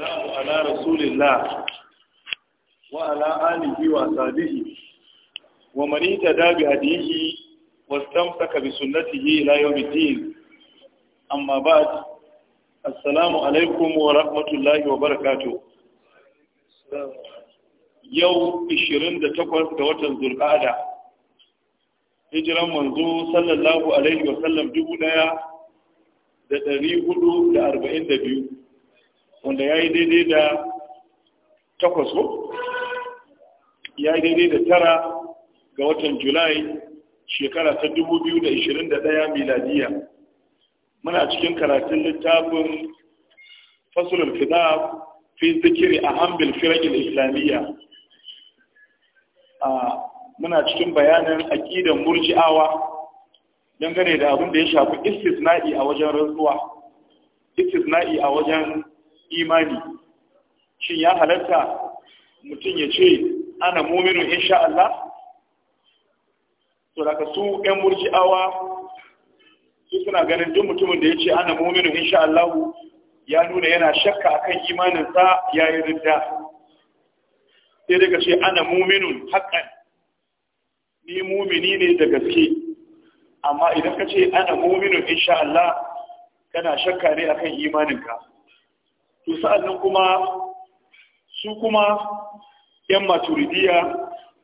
والسلام على رسول الله وعلى آله وصحبه ومن اهتدى بهديه واستمسك بسنته إلى يوم الدين أما بعد السلام عليكم ورحمة الله وبركاته يوم 28 ga watan zulqa'ada hijiran manzo sallallahu alaihi wa sallam dubu da dari wanda ya yi daidai da takwas ko ya yi daidai da tara ga watan julai shekara ta 2021 miladiya muna cikin karatun littafin fasulun kitab fi zikiri a hambil firagin islamiyya muna cikin bayanin aƙidan murji'awa dangane da abin da ya shafi istisna'i a wajen rantsuwa istisna'i a wajen imani shin ya halatta mutum ya ce ana muminu insha Allah to daga su ƴan murji'awa su suna ganin duk mutumin da ya ce ana muminu insha Allah ya nuna yana shakka akan imaninsa ya yi rinda. sai daga ce ana mominu haƙan ni mumini ne da gaske amma idan ka ce ana muminun insha Allah kana shakka ne akan imaninka to sa'annan kuma su kuma yan maturidiya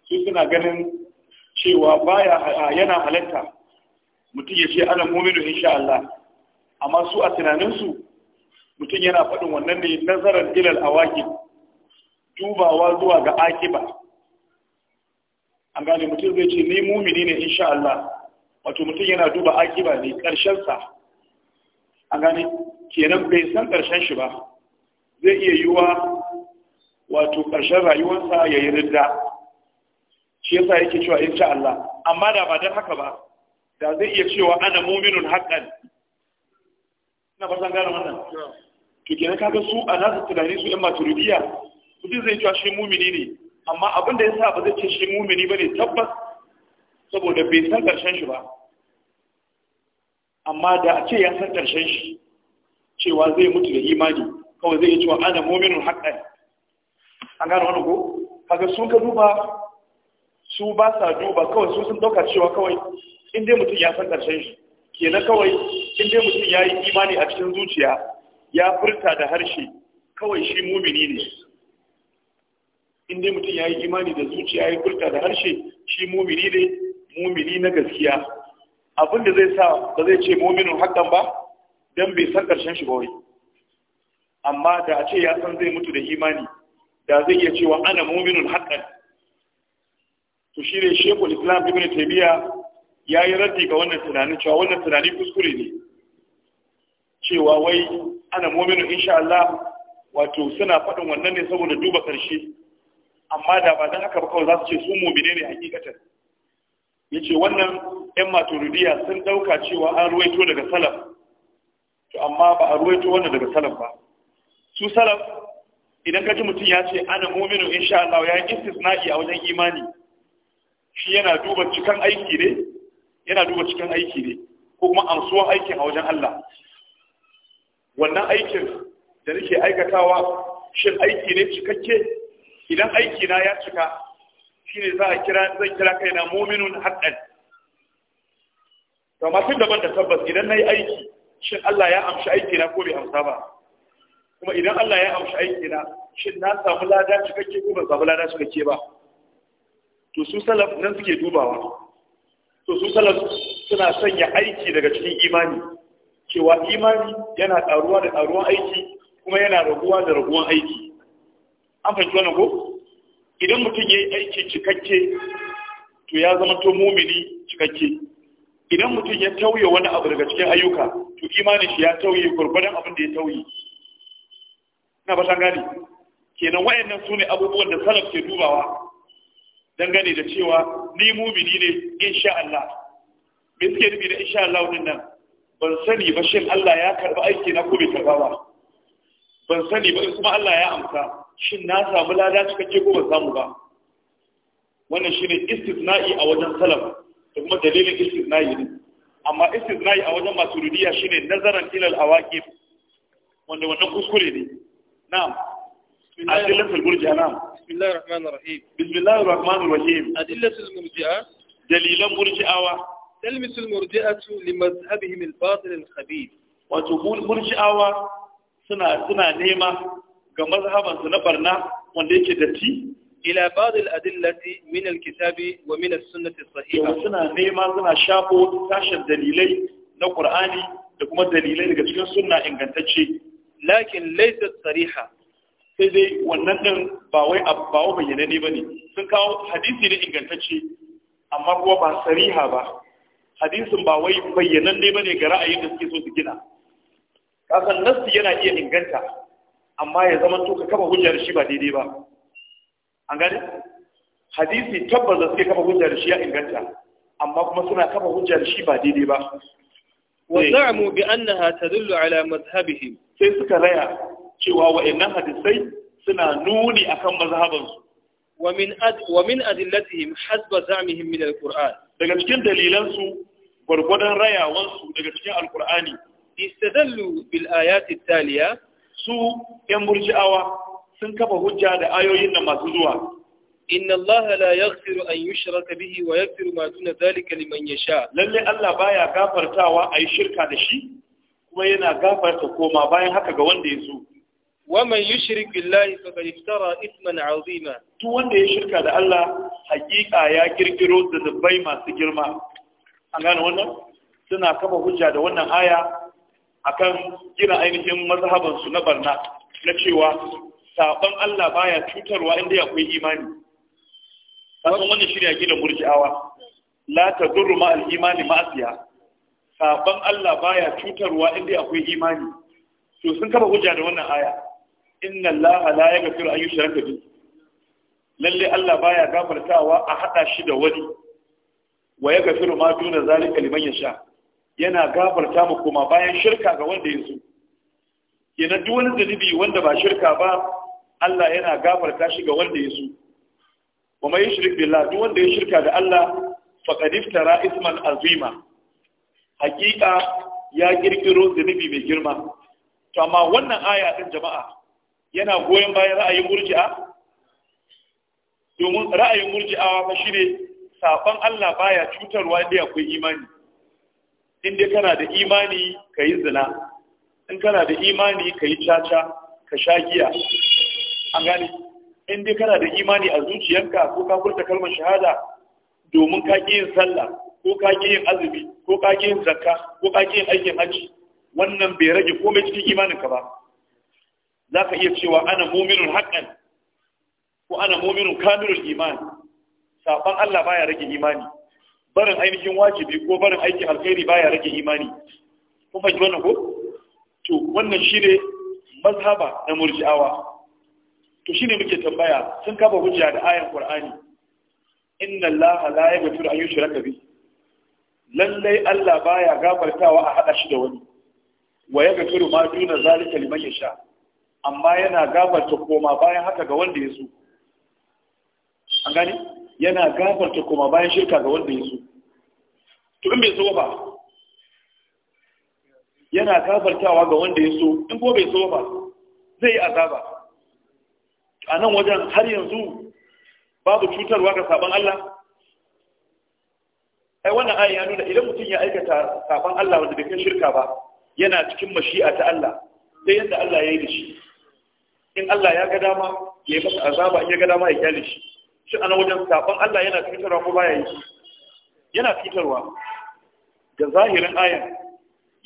su suna ganin cewa baya yana halatta mutum ya ce ana muminu insha Allah amma su a tunaninsu mutum yana faɗin wannan ne nazarar ilal awaki dubawa zuwa ga akiba an gane mutum zai ce ni mumini ne insha Allah wato mutum yana duba akiba ne ƙarshensa an gane kenan bai san ƙarshen shi ba zai iya yiwa wato ƙarshen rayuwarsa ya yi ridda shi yasa yake cewa insha Allah amma da ba don haka ba da zai iya cewa ana muminun haƙan ina fatan gane wannan to kenan kaga su a nasu tunani su yan maturidiya mutum zai cewa shi mumini ne amma abin da ya sa ba zai ce shi mumini ba ne tabbas saboda bai san ƙarshen shi ba amma da a ce ya san ƙarshen shi cewa zai mutu da imani kawai zai iya cewa ana mu'minun haqqan an gano wani ko haka sun ka duba su ba sa duba kawai su sun dauka cewa kawai inda mutum ya san karshen shi kenan kawai inda mutum ya yi imani a cikin zuciya ya furta da harshe kawai shi mumini ne inda mutum ya yi imani da zuciya ya furta da harshe shi mumini ne mumini na gaskiya abin da zai sa ba zai ce muminin hakan ba don bai san karshen shi ba wai amma da a ce ya san zai mutu da imani da zai iya cewa ana muminun haqqan to shi ne shekul islam ibn taymiya ya yi raddi ga wannan tunanin cewa wannan tunani kuskure ne cewa wai ana muminun insha Allah wato suna faɗin wannan ne saboda duba ƙarshe amma da ba don haka ba kawai za su ce su mumine ne Ya ce wannan 'yan maturidiya sun ɗauka cewa an ruwaito daga salaf to amma ba a ruwaito wannan daga salaf ba su salaf idan ka mutum ya ce ana mu'minu insha Allah ya yi istisna'i a wajen imani shi yana duba cikan aiki ne yana duba cikan aiki ne ko kuma amsuwa aikin a wajen Allah wannan aikin da nake aikatawa shin aiki ne cikakke idan aiki na ya cika shine za a kira zan kira kaina "Mominun haqqan to masu daban da tabbas idan nayi aiki shin Allah ya amshi aiki na ko bai amsa ba kuma idan Allah ya amshi aiki na shin na samu lada cikakke ko ban samu lada cikakke ba to su salaf nan suke dubawa to su salaf suna sanya aiki daga cikin imani cewa imani yana ɗaruwa da ƙaruwan aiki kuma yana raguwa da raguwan aiki an fahimci wannan ko idan mutum ya yi aiki cikakke to ya zama to mumini cikakke idan mutum ya tauye wani abu daga cikin ayyuka to imanin shi ya tauye gurgurdan abin da ya tauye na ba san gani kenan wayannan sune abubuwan da salaf ke dubawa dangane da cewa ni mumini ne insha Allah me suke nufi da insha Allah din nan ban sani ba shin Allah ya karba aiki na ko bai karba ba ban sani ba kuma Allah ya amsa shin na samu lada cikakke ko ban samu ba wannan shine istisna'i a wajen salaf da kuma dalilin istisna'i ne amma istisna'i a wajen rudiya shine nazaran ilal awaqif wanda wannan kuskure ne نعم أدلة المرجئة نعم بسم الله الرحمن الرحيم بسم الله الرحمن الرحيم أدلة المرجئة دليل مرجئة تلمس المرجئة لمذهبهم الباطل الخبيث وتقول مرجئة سنة سنة نيمة كمذهبا سنة برنا وانديك دتي إلى بعض الأدلة من الكتاب ومن السنة الصحيحة سنة نيمة سنة شابو تاشر دليلي na Qur'ani da kuma dalilai daga cikin sunna ingantacce lakin laysat sariha sai dai wannan din ba wai ba wai bayyana ne bane sun kawo hadisi ne ingantacce amma kuma ba sariha ba hadisin ba wai bayyana ne bane ga ra'ayin da suke so su gina kasan nassi yana iya inganta amma ya zama to ka kafa hujjar shi ba daidai ba an gane hadisi tabbas da suke kafa hujjar shi ya inganta amma kuma suna kafa hujjar shi ba daidai ba wa eh. za'amu bi annaha tadullu ala mazhabihim sai suka raya cewa wa'annan hadisai suna nuni akan mazhabansu wa min ad wa min adillatihim hasba za'mihim daga cikin dalilansu gwargwadon rayawansu daga cikin alqur'ani istadallu bil ayati taliya su yan murji'awa sun kafa hujja da ayoyin da masu zuwa inna Allah la yaghfiru an yushraka bihi wa yaghfiru ma duna dhalika liman yasha lalle Allah baya gafartawa ayi shirka da shi kuma yana gafarta koma bayan haka ga wanda ya so wa man yushrik billahi faqad iftara ithman azima duk wanda ya shirka da Allah hakika ya kirkiro da zubai masu girma an gane wannan suna kafa hujja da wannan aya akan gina ainihin mazhabansu na barna na cewa saban Allah baya cutarwa inda akwai imani kaga wannan shirya gidan murji'awa la tadurru ma al-imani ma'asiya saban Allah baya cutarwa inda akwai imani to sun kafa hujja da wannan aya inna Allah la yaghfiru an yushraka bi lalle Allah baya gafartawa a hada shi da wani wa yaghfiru ma duna zalika liman yasha yana gafarta mu kuma bayan shirka ga wanda ya so kenan duk wani zunubi wanda ba shirka ba Allah yana gafarta shi ga wanda ya wa mai shirk billah duk wanda ya shirka da Allah faqad iftara isman azima hakika ya kirkiro zunubi mai girma to amma wannan aya din jama'a yana goyon bayan ra'ayin murji'a domin ra'ayin ba fa shine saban Allah baya cutarwa inda akwai imani inda kana da imani kayi zina in kana da imani yi caca ka sha giya an gane in dai kana da imani a zuciyarka ko ka furta kalmar shahada domin ka ƙi yin sallah ko ka ƙi yin azumi ko ka ƙi yin zakka ko ka ƙi yin aikin hajji wannan bai rage komai cikin imaninka ba za ka iya cewa ana muminun haƙƙan ko ana muminun kamilul imani saban Allah baya rage imani barin ainihin wajibi ko barin aikin alkhairi baya rage imani Kuma ji wannan ko to wannan shine mazhaba na murji'awa to shine muke tambaya sun kafa hujja da ayan qur'ani inna allaha la yaghfiru an yushraka bihi lallai Allah baya gafartawa a hada shi da wani wa yaghfiru ma duna zalika liman yasha amma yana gafarta koma bayan haka ga wanda ya so an gani yana gafarta koma bayan shirka ga wanda ya so to in bai so ba yana gafartawa ga wanda ya so in ko bai so ba zai yi azaba a nan wajen har yanzu babu cutarwa ga sabon Allah ai wannan ayin ya nuna idan mutum ya aikata sabon Allah wanda bai kai shirka ba yana cikin mashi'a ta Allah sai yadda Allah ya yi da shi in Allah ya ga dama ya yi masa azaba in ya ga dama ya kyale shi shi a nan wajen sabon Allah yana cutarwa ko baya yi yana cutarwa ga zahirin ayan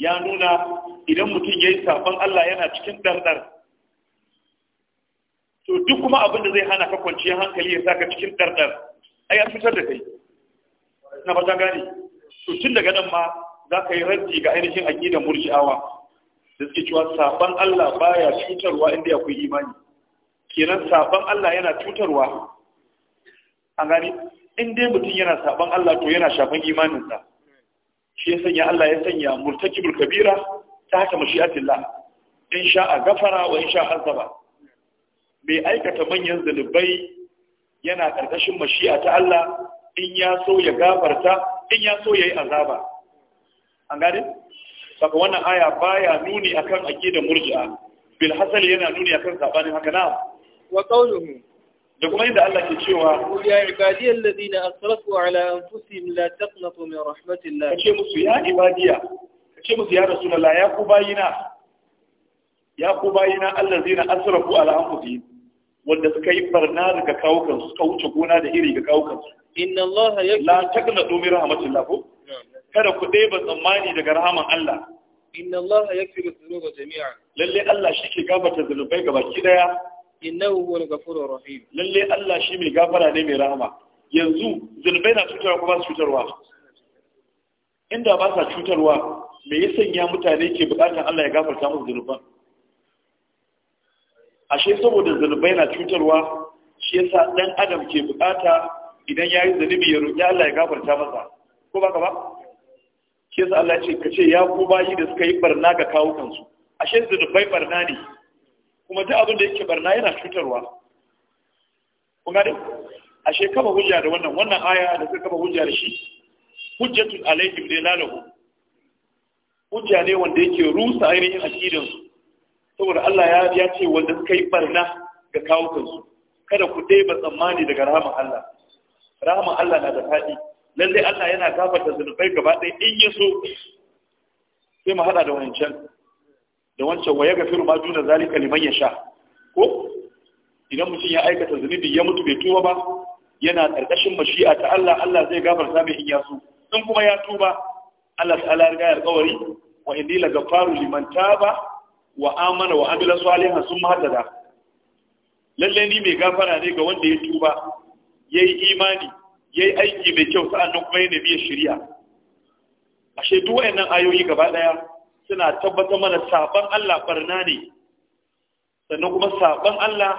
ya nuna idan mutum ya yi sabon Allah yana cikin ɗanɗan. to duk kuma abin da zai hana ka kwanciyar hankali ya saka cikin ɗarɗar A ya fitar da kai na fata gane to tun daga nan ma za ka yi rantsi ga ainihin aƙidar murji'awa da suke cewa saban Allah baya cutarwa inda akwai imani kenan saban Allah yana cutarwa an gani in dai mutum yana saban Allah to yana shafan imaninsa shi ya sanya Allah ya sanya murtakibul kabira ta haka mashi'atillah in sha'a gafara wa in sha'a azaba mai aikata manyan zunubai yana ƙarƙashin mashi'a ta Allah in ya so ya gafarta in ya so ya yi azaba an gane? saka wannan aya baya nuni akan aqidar murji'a bil hasal yana nuni akan sabanin haka na wa qawluhu da kuma inda Allah ke cewa ya ibadi alladhina asrafu ala anfusihim la taqnatu min rahmatillah kace musu ya ibadiya kace musu ya rasulullah ya ku bayina ya ku bayina alladhina asrafu ala anfusihim wanda suka yi barna daga su suka wuce gona da iri ga su inna Allah ya la takna domin rahmatin ko kada ku ɗeba tsammani daga rahaman Allah inna Allah ya kiri zunuba jami'a lalle Allah shi ke gafarta zunubai ga baki daya innahu huwal ghafurur rahim lalle Allah shi mai gafara ne mai rahama yanzu zunubai na cutarwa ko ba su cutarwa inda ba sa cutarwa me ya sanya mutane ke bukatar Allah ya gafarta musu zunuban ashe saboda zunubai na cutarwa shi yasa dan adam ke bukata idan ya yi zunubi ya roƙi Allah ya gafarta masa ko ba ka ba shi yasa Allah ce kace ya ku bayi da suka yi barna ga kawo kansu ashe zunubai barna ne kuma duk abin da yake barna yana cutarwa kun dai. ashe kama hujja da wannan wannan aya da suka kama hujja da shi hujjatul alaihim ne lalahu hujja ne wanda yake rusa ainihin aqidansu saboda Allah ya ce wanda suka yi barna ga kawukansu kada ku ba tsammani daga rahama Allah Rahama Allah na da faɗi lallai Allah yana gafarta zunubai gaba ɗaya in ya so sai mu haɗa da wancan da wancan wa ga gafiru ma duna zalika liman ya sha ko idan mutum ya aikata zunubi ya mutu bai tuba ba yana ƙarƙashin mashi'a ta Allah Allah zai gafarta mai in ya so in kuma ya tuba Allah ta'ala ya riga ya alƙawari wa indila gafaru liman taba wa amana wa amila salihan sun mahaddada lalle ni mai gafara ne ga wanda ya tuba yayi imani yayi aiki mai kyau sa'annan kuma ya nemi shari'a ashe duk wayannan ayoyi gaba daya suna tabbatar mana saban Allah barna ne sannan kuma saban Allah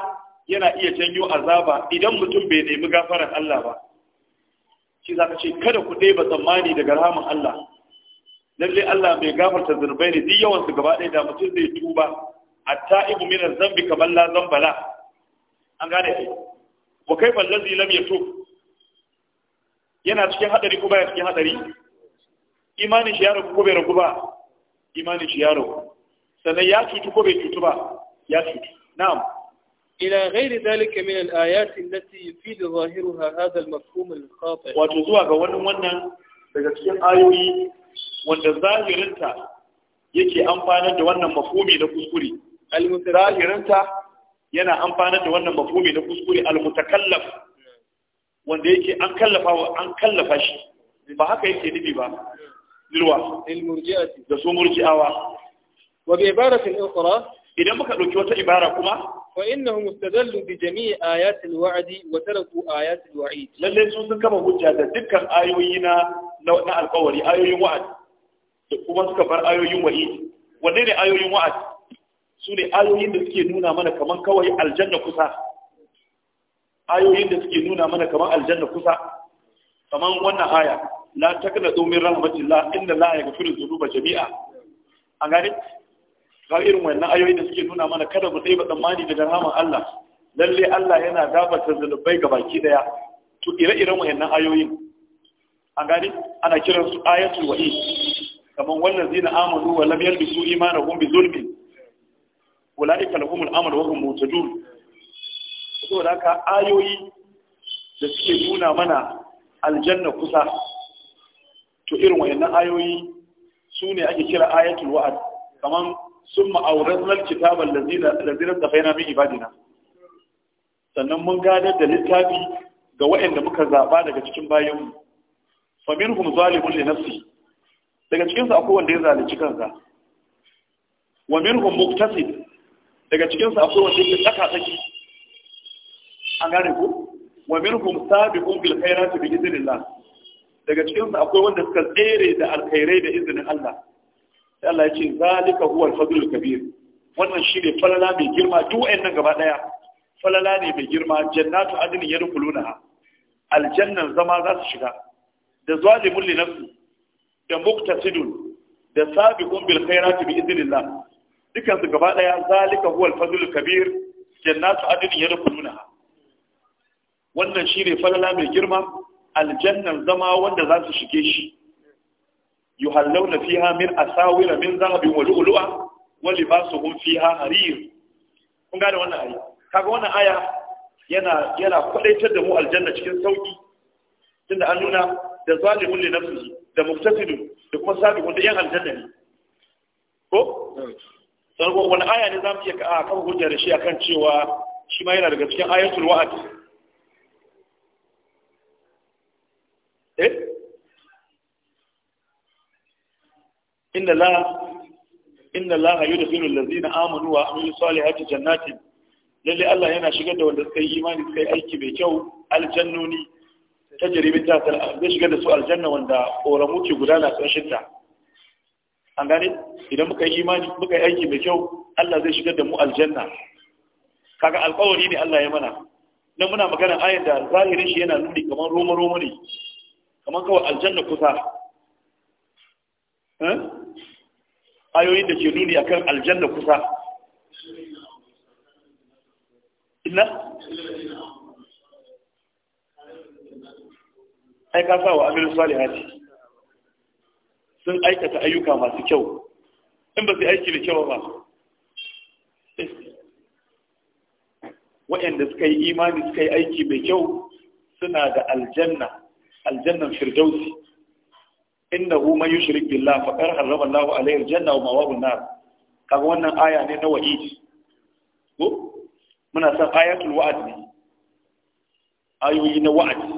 yana iya janyo azaba idan mutum bai nemi gafaran Allah ba shi zaka ce kada ku ɗeba tsammani daga rahaman Allah lalle Allah mai gafarta zunubai ne duk yawan su gaba da mutum zai tuba at ibu min zambi kamar la zamba la an gane shi wa kai kaifa allazi lam yatub yana cikin hadari ko baya cikin hadari imanin shi ya rubu ko bai rubu ba imanin shi ya rubu sannan ya cutu ko bai cutu ba ya cutu na'am ila ghairi dhalika min al-ayat allati yufidu zahiruha hadha al-mafhum al-khati wato zuwa ga wannan wannan daga cikin ayoyi wanda zahirinta yake amfanar da wannan mafumi na kuskure zahirinta yana amfanar da wannan mafumi na kuskure almutakallaf wanda yake an kallafa an kallafa shi ba haka yake nufi ba lilwa lilmurji'ati da su murji'awa wa bi ibaratin ukhra idan muka dauki wata ibara kuma fa innahu mustadallu bi jami'i ayati alwa'di wa taraku ayati alwa'id lalle sun kama hujja da dukkan ayoyi na na alƙawari ayoyin wa'adi da kuma suka bar ayoyin wa'i wanne ne ayoyin wa'ad su ne ayoyin da suke nuna mana kamar kawai aljanna kusa ayoyin da suke nuna mana kamar aljanna kusa kamar wannan aya la taqnatu min rahmatillah inna la yaghfiru dhunuba jami'a an gane ga irin wannan ayoyin da suke nuna mana kada mu dai ba tsammani daga rahman Allah lalle Allah yana gafarta zanubai ga baki daya to ire-iren wayannan ayoyin an gane ana kiransu ayatul wa'id kamar wannan zina Amadu wa lam yalbisu imanahum bi zulmi ulaika lahumul amru wa hum to da ka ayoyi da suke nuna mana aljanna kusa to irin wayannan ayoyi su ne ake kira ayatul wa'ad kaman summa awrazna alkitaba allazina allazina safaina bi ibadina sannan mun gadar da littafi ga wayanda muka zaba daga cikin bayanmu faminhum zalimun li nafsihi daga cikinsu akwai wanda ya zalunci kansa wa minhum muktasib daga cikinsu akwai wanda ya tsaka tsaki an gane ku wa minhum sabiqun bil khairati bi idnillah daga cikinsu akwai wanda suka tsere da alkhairai da izinin Allah sai Allah ya ce zalika huwa al al kabir wannan shi ne falala mai girma duk wayannan gaba daya falala ne mai girma jannatu adnin yadkhulunaha aljannan zama za su shiga da zalimul li nafsi da muktasidun da sabiqun bil khairati bi idnillah dukkan su gaba daya zalika huwa al fadlul kabir jannatu adnin yadkhulunaha wannan shine falala mai girma aljannar zama wanda za su shige shi yuhallawna fiha min asawira min zahabin wa lu'lu'a wa libasuhum fiha harir kun gane wannan aya kaga wannan aya yana yana da mu aljanna cikin sauki tunda an nuna da zalimun li nafsihi da muftasidun da kuma sabiqun da yan aljanna ne ko sannan wani aya ne za mu iya kafa hujja da shi akan cewa shi ma yana daga cikin ayatul wa'ad eh inna la inna allaha yudkhilu allazina amanu wa amilu salihati jannatin lalle Allah yana shigar da wanda suka yi imani suka yi aiki mai kyau aljannoni ta jiribin ta zai shiga da su aljanna wanda ƙoramu ke gudana ƙarshen ta an gane idan muka yi imani muka yi aiki mai kyau Allah zai shigar da mu aljanna kaga alƙawari ne Allah ya mana dan muna magana ayar da zahirin shi yana nuni kamar roma roma ne kamar kawai aljanna kusa ayoyin da ke nuni akan aljanna kusa inna ai ka sa wa amilu salihati sun aikata ayyuka masu kyau in ba su aiki da kyau ba waɗanda suka yi imani suka yi aiki mai kyau suna da aljanna aljannan firdausi hu man yushrik billah faqad harrama Allahu alayhi aljanna wa mawahu nar kaga wannan aya ne na wa'idi ko muna san ayatul wa'd ne ayoyi na wa'd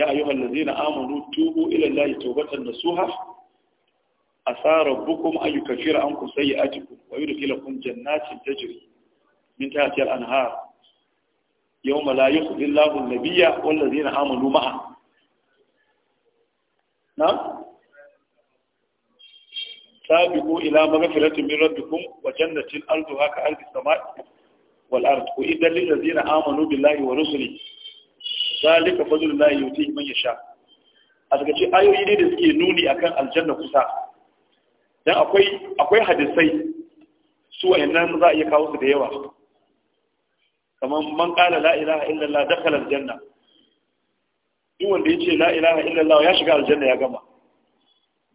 ya ayyuhal ladzina amanu tubu ila allahi tawbatan nasuha asa rabbukum an yukaffira ankum sayyi'atikum wa yudkhilakum jannatin tajri min tahtiha al-anhar yawma la yukhzi allahu an-nabiyya wal ladzina amanu ma'a na'am سابقوا إلى مغفرة من ربكم وجنة أرضها كأرض السماء والأرض وإذا للذين آمنوا بالله zalika fadlullahi yuti man yasha a daga ce ayoyi ne da suke nuni akan aljanna kusa dan akwai akwai hadisai su wayannan za a iya kawo su da yawa kamar man qala la ilaha illallah dakhala aljanna duk wanda yace la ilaha illallah ya shiga aljanna ya gama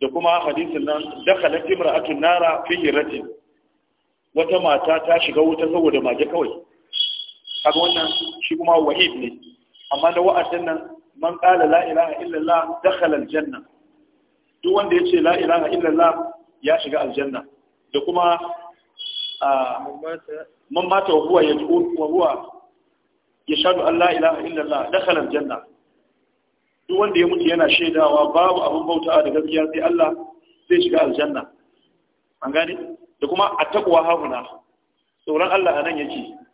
da kuma hadisin nan dakhala imra'atu nara fi hirati wata mata ta shiga wuta saboda mage kawai kaga wannan shi kuma wahid ne amma da wa'adin nan man qala la ilaha illallah dakhala aljanna duk wanda yace la ilaha illallah ya shiga aljanna da kuma man mata wa huwa yad'u wa huwa yashhadu an la ilaha illallah dakhala aljanna duk wanda ya mutu yana shaidawa babu abin bautawa da gaskiya sai Allah zai shiga aljanna an gane da kuma a takwa hahuna tsoron Allah a nan yake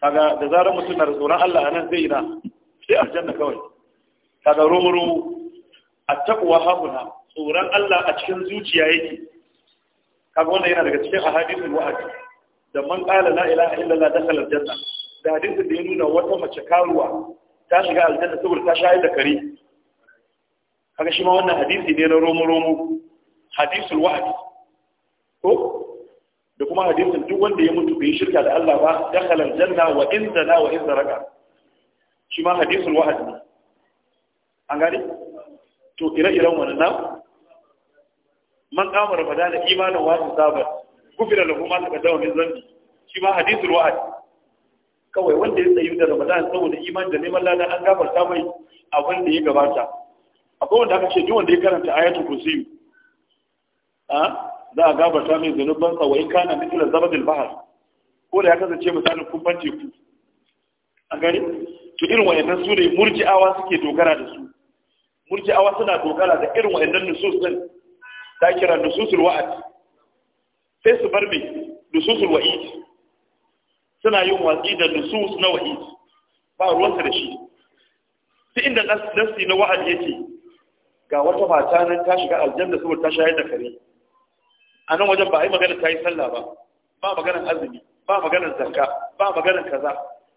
kaga da zarar mutum na tsoron Allah anan zai na sai aljanna kawai kaga romoro a taqwa hauna tsoron Allah a cikin zuciya yake kaga wannan yana daga cikin ahadithul wa'd da man qala la ilaha illallah dakhala aljanna da hadisin da ya nuna wata mace karuwa ta shiga aljanna saboda ta shayar da kare kaga shi ma wannan hadisi ne na romo romo hadisul wa'd ko da kuma hadisin duk wanda ya mutu bai shirka da Allah ba dakhala janna wa in zana wa in zaraka shi ma hadisin wa'd ne an gani? to ire-iren nan. man kama da imanin wasu sabar gufira da kuma suka dawo min zambi shi ma hadisin wa'ad kawai wanda ya tsayi da Ramadan saboda iman da neman lada an gafarta mai abin da ya gabata akwai wanda aka ce duk wanda ya karanta ayatul kursiyu a ah, za a gabata mai zunubansa wa in kana mithla zabadil bahar ko da ya kasance misalin kumfan teku a gari to irin wayannan su ne murji'awa suke dogara da su murji'awa suna dogara da irin wayannan nusus din Ta kira nususul wa'ad sai su bar mai nususul wa'id suna yin watsi da nusus na wa'id ba ruwansa da shi sai inda nasi na wa'ad yake ga wata mata nan ta shiga aljanna saboda ta shayar da kare a nan wajen ba a yi maganar ta yi sallah ba ba maganar azumi ba maganar zakka ba maganar kaza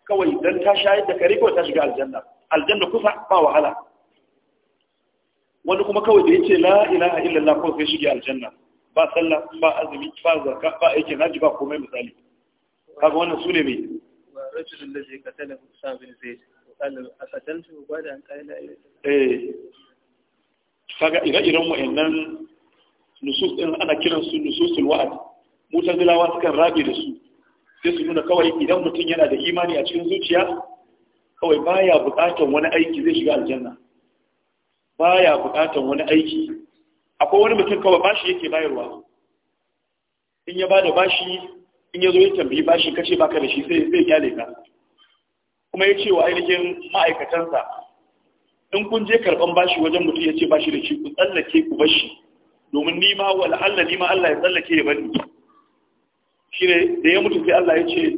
kawai dan ta shayar da kare kawai ta shiga aljanna aljanna kusa ba wahala wani kuma kawai da ya ce la ilaha illallah ko sai shiga aljanna ba sallah ba azumi ba zakka ba aikin naji ba komai misali kaga wannan sune mai rajulun da zai katala Musa bin Zaid qala asatantu an eh kaga ire-iren wa'annan nusus din ana kiran su nususul wa'ad mutazilawa suka rabi da su sai su nuna kawai idan mutum yana da imani a cikin zuciya kawai baya bukatan wani aiki zai shiga aljanna baya bukatan wani aiki akwai wani mutum kawai bashi yake bayarwa in ya bada bashi in ya zo ya tambayi bashi kace baka da shi sai zai kyale ka kuma ya ce wa ainihin ma'aikatansa in kun je karban bashi wajen mutum ya ce bashi da shi ku tsallake ku bashi domin ni ma Allah ni ma Allah ya tsallake ya bani shi ne da ya mutu sai Allah ya ce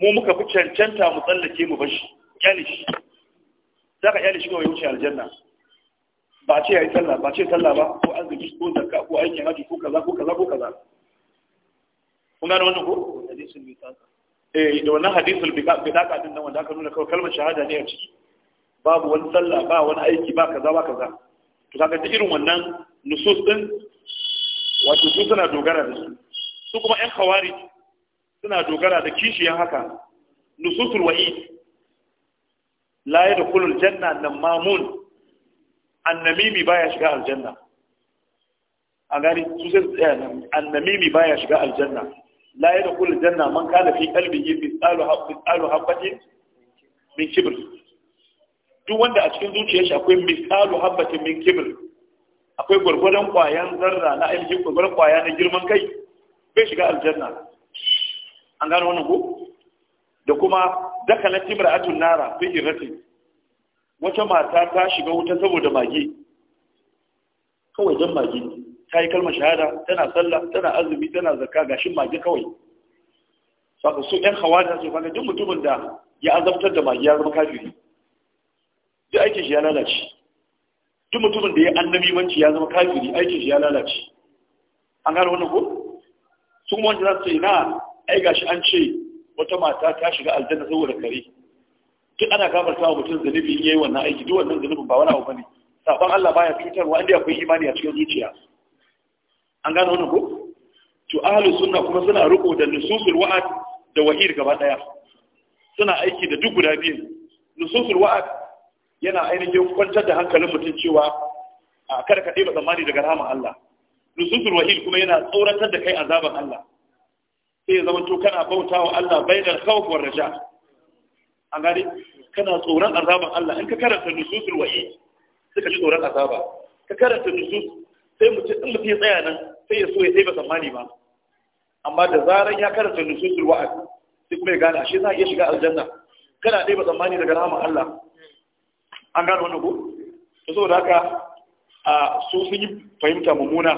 mu muka fi cancanta mu tsallake mu bashi kyale shi za ka kyale shi kawai wuce aljanna ba ce ya yi sallah ba ce sallah ba ko arziki ko zakka ko aikin haji ko kaza ko kaza ko kaza kun gano wannan ko hadisul bitaka eh da wannan hadisul bitaka din nan wanda aka nuna kawai kalmar shahada ne a ciki babu wani sallah ba wani aiki ba kaza ba kaza to kaga ta irin wannan nusus din wato su suna dogara da su su kuma yan khawarij suna dogara da kishiyan haka nususul wa'id la yadkhulu aljanna namamun annamimi ya shiga aljanna a gani su sai annamimi ya shiga aljanna la yadkhulu janna man kana fi qalbihi misalu haqqatin habbatin min kibir. duk wanda a cikin zuciyarsa akwai misalu habbatin min kibir. akwai gwargwadon kwayan zarra na ainihin gwargwadon kwaya na girman kai bai shiga aljanna an gano wannan ko da kuma na timar atun nara fi irati wata mata ta shiga wuta saboda mage kawai don mage ta yi kalmar shahada tana sallah tana azumi tana zakka gashin mage kawai saka su yan hawa da su fara duk mutumin da ya azabtar da mage ya zama kafiri duk aikin shi ya lalace duk mutumin da ya annabi manci ya zama kafiri aikin shi ya lalace an gano wannan ko su kuma wanda za su yi na ai gashi an ce wata mata ta shiga aljanna saboda kare duk ana gafarta wa mutum zanubi yayi wannan aiki duk wannan zanubin ba wani abu bane saban Allah baya fitarwa inda akwai imani a cikin zuciya an gano wannan ko to ahlu sunna kuma suna riko da nususul wa'ad da wahir gaba daya suna aiki da duk guda biyu nususul wa'ad yana ainihin kwantar da hankalin mutum cewa a kada ka ɗeba tsammani daga rahama Allah nususul wahil kuma yana tsoratar da kai azaban Allah sai ya zamanto kana wa Allah bainal khawf war raja an gani kana tsoron azaban Allah in ka karanta nususul wahil suka ji tsoron azaba ka karanta nusus sai mutum in mutum ya tsaya nan sai ya so ya ɗeba tsammani ba amma da zaran ya karanta nususul wa'ad sai kuma ya gane ashe za a iya shiga aljanna kana ɗeba tsammani daga rahama Allah an gano wannan ko so saboda haka a su sun yi fahimta mummuna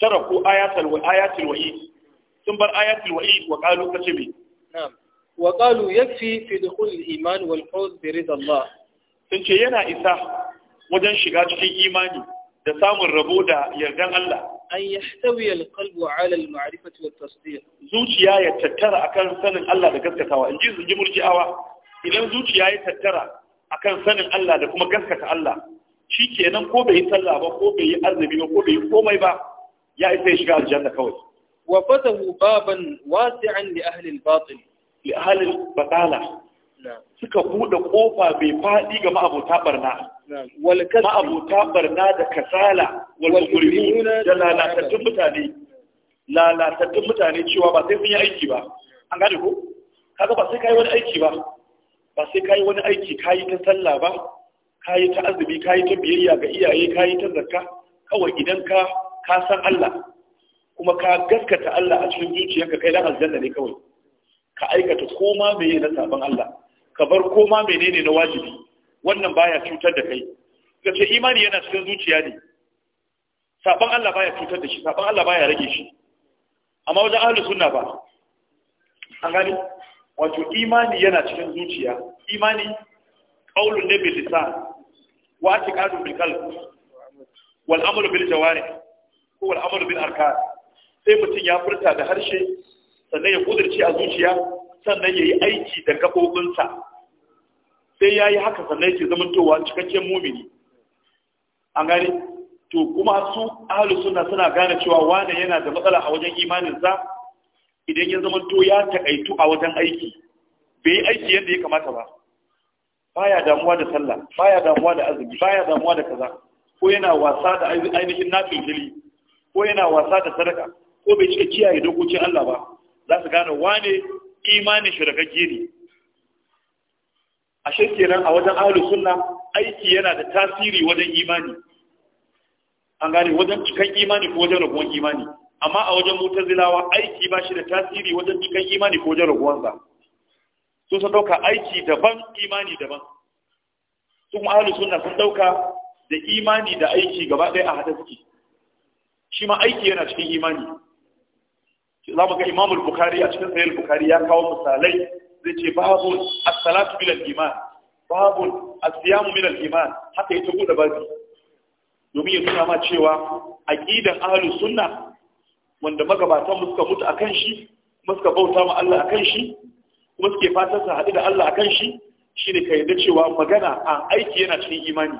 tara ko ayatul wa ayatul wa'id sun bar ayatul wa'id wa qalu kace me na'am wa qalu yakfi fi dukhul al-iman wal fawz bi ridha Allah sun ce yana isa wajen shiga cikin imani da samun rabo da yardan Allah an yahtawi al-qalbu ala al-ma'rifati wat tasdiq zuciya ya tattara akan sanin Allah da gaskatawa In su ji murji'awa idan zuciya ya tattara akan sanin Allah da kuma gaskata Allah shi kenan ko bai yi sallah ba ko bai yi azumi ba ko bai yi komai ba ya isa ya shiga aljanna kawai wa fatahu baban wasi'an li ahli al-batil li ahli batala suka bude kofa bai fadi ga ma'abota barna ma'abota barna da kasala wal murimuna da lalatattun mutane lalatattun mutane cewa ba sai sun yi aiki ba an gane ko kaga ba sai kai wani aiki ba ba sai ka yi wani aiki ka yi ta sallah ba ka yi ta azumi ka yi ta biyayya ga iyaye ka yi ta zakka kawai idan ka ka san Allah kuma ka gaskata Allah a cikin zuciyarka kai dan aljanna ne kawai ka aikata koma meye na saban Allah ka bar koma menene na wajibi wannan baya cutar da kai kace imani yana cikin zuciya ne saban Allah baya cutar da shi saban Allah baya rage shi amma wajen ahlus sunna ba an gani wato imani yana cikin zuciya imani qaulu ne lisan wa i'tiqadun bil qalb wal amalu bil jawarih ko wal amalu bil arkan sai mutum ya furta da harshe sannan ya kudurci a zuciya sannan ya yi aiki da gaɓoɓinsa sai ya yi haka sannan yake zamantowa cikakken mumini an gani to kuma su ahalu suna suna gane cewa wane yana da matsala a wajen imaninsa idan ya zama to ya takaitu a wajen aiki bai yi aiki yadda ya kamata ba baya damuwa da sallah baya damuwa da azumi baya damuwa da kaza ko yana wasa da ainihin nafin fili ko yana wasa da sadaka ko bai cika kiyaye dokokin Allah ba za su gane wane imanin shi ne a shekaran a wajen ahlu sunna aiki yana da tasiri wajen imani an gane wajen cikan imani ko wajen rabuwan imani amma a wajen mutazilawa aiki ba shi da tasiri wajen cikin imani ko wajen raguwansa sun sa ɗauka aiki daban imani daban sun kuma ahalu sun ɗauka da imani da aiki gaba ɗaya a haɗa suke shi ma aiki yana cikin imani za mu ga imamul bukari a cikin sayar bukari ya kawo misalai zai ce babu as-salatu iman babu Asiyamu siyamu iman haka yake buɗe babi domin ya nuna ma cewa aqidan ahlus sunna wanda magabatan mu suka mutu akan shi kuma suka bauta ma Allah akan shi kuma suke fatan su haɗu da Allah akan shi ne ka yarda cewa magana a aiki yana cikin imani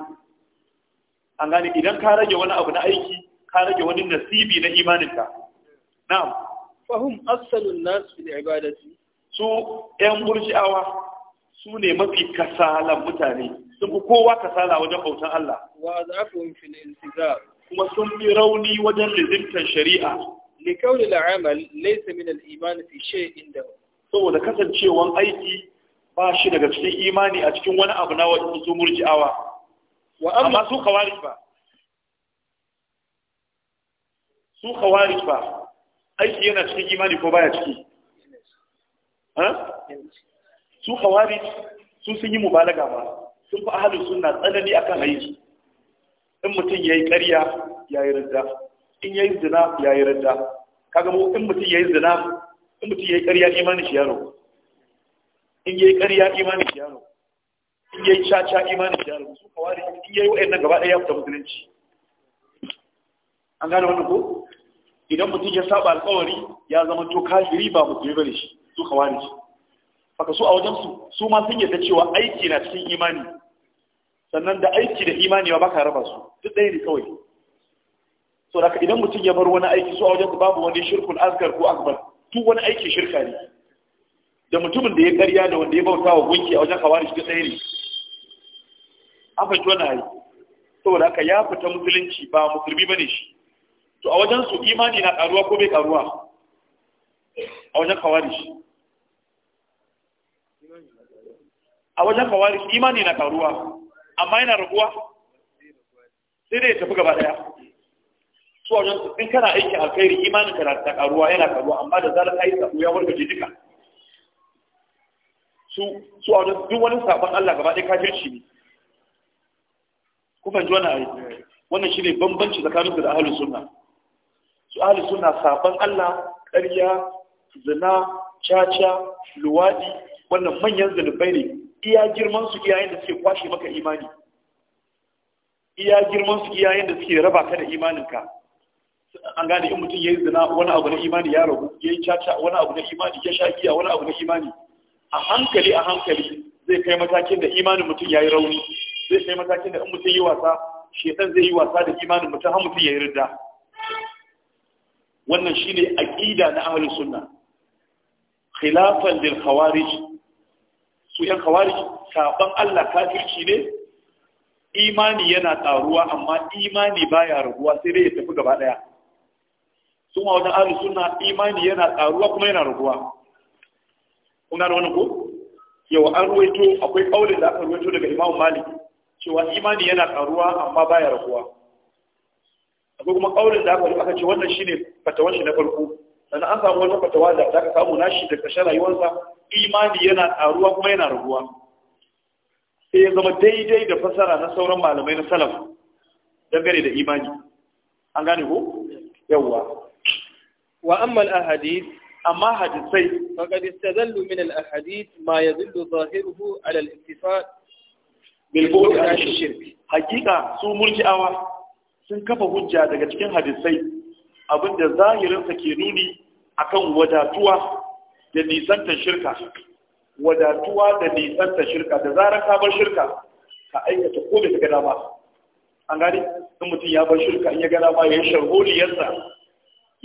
an gane idan ka rage wani abu na aiki ka rage wani nasibi na imaninka na'am fahum asalin nas fil ibadati su ƴan murji'awa su ne mafi kasalan mutane sun fi kowa kasala wajen bautan Allah wa azafun fil intizar kuma sun fi rauni wajen lizimtan shari'a likawli al'amal laysa min al-iman fi inda. da saboda kasancewan aiki ba shi daga cikin imani a cikin wani abu na wajen su murji'awa wa amma su khawarij ba su khawarij ba aiki yana cikin imani ko baya ciki ha su khawarij su sun yi mubalaga ba sun fi ahalin sunna tsanani akan aiki in mutum ya yi ƙarya ya yi in ya yi zina ya yi kaga mu in mutum yayi zina in mutum yayi ƙarya imanin shi yaro in yayi ƙarya imanin shi yaro in yayi caca imanin shi yaro su kawari in yayi wayannan gaba ɗaya ya fita musulunci an gane wannan ko idan mutum ya saba alƙawari ya zama to kafiri ba mutum bane shi su kawari haka su a wajen su su ma sun yadda cewa aiki na cikin imani sannan da aiki da imani ba baka raba su duk ɗaya ne kawai so da idan mutum ya bar wani aiki su a wajen babu wani shirkun asgar ko akbar duk wani aiki shirka ne da mutumin da ya karya da wanda ya bauta wa gunki a wajen kawari shiga tsaye ne an fahimci wannan hari saboda haka ya fita musulunci ba musulmi ba ne shi to a wajen su imani na karuwa ko bai karuwa a wajen kawari shi a wajen kawari imani na karuwa amma yana raguwa sai dai ya tafi gaba daya su wajen su in kana aiki alkhairi imanin ka na ta karuwa yana karuwa amma da zarar kai sabo ya warkace duka su su wajen duk wani sabon Allah gaba ɗaya kafirci ne ku fahimci wannan ayi wannan shine bambanci tsakanin da ahlus sunna su ahlus sunna sabon Allah ƙarya zina caca luwadi wannan manyan zalubai ne iya girman su iyayen da suke kwashe maka imani iya girman su iyayen da suke raba ka da imaninka an gane in mutum ya yi zina wani abu na imani ya rabu, ya yi caca wani abu na imani ya sha giya wani abu na imani a hankali a hankali zai kai matakin da imanin mutum ya yi rauni zai kai matakin da in mutum yi wasa shetan zai yi wasa da imanin mutum har mutum ya yi ridda wannan shine aqida na ahlus sunna khilafan lil khawarij su yan khawarij saban Allah kafirci ne imani yana karuwa amma imani baya raguwa sai dai ya tafi gaba daya sun wajen ahli suna imani yana karuwa kuma yana raguwa Kuna da wani ko yawa an ruwaito akwai kaulin da aka ruwaito daga imam malik cewa imani yana karuwa amma baya raguwa akwai kuma kaulin da aka aka ce wannan shine fatawar shi na farko sannan an samu wani fatawa da aka samu nashi da ƙarshen rayuwarsa imani yana karuwa kuma yana raguwa sai ya zama daidai da fasara na sauran malamai na salaf dangane da imani an gane ko yawwa wa amma al-ahadith amma hadisai faqad istadallu min al-ahadith ma yadullu zahiruhu ala al-ittifaq bil bu'd an shirk hakika su murji'awa sun kafa hujja daga cikin hadisai abinda zahirinsa ke nuni akan wadatuwa da nisantar shirka shirka da zarar ka bar shirka ka aikata ko bai ga dama mutum ya bar shirka in ya ga dama ya yi sharholiyarsa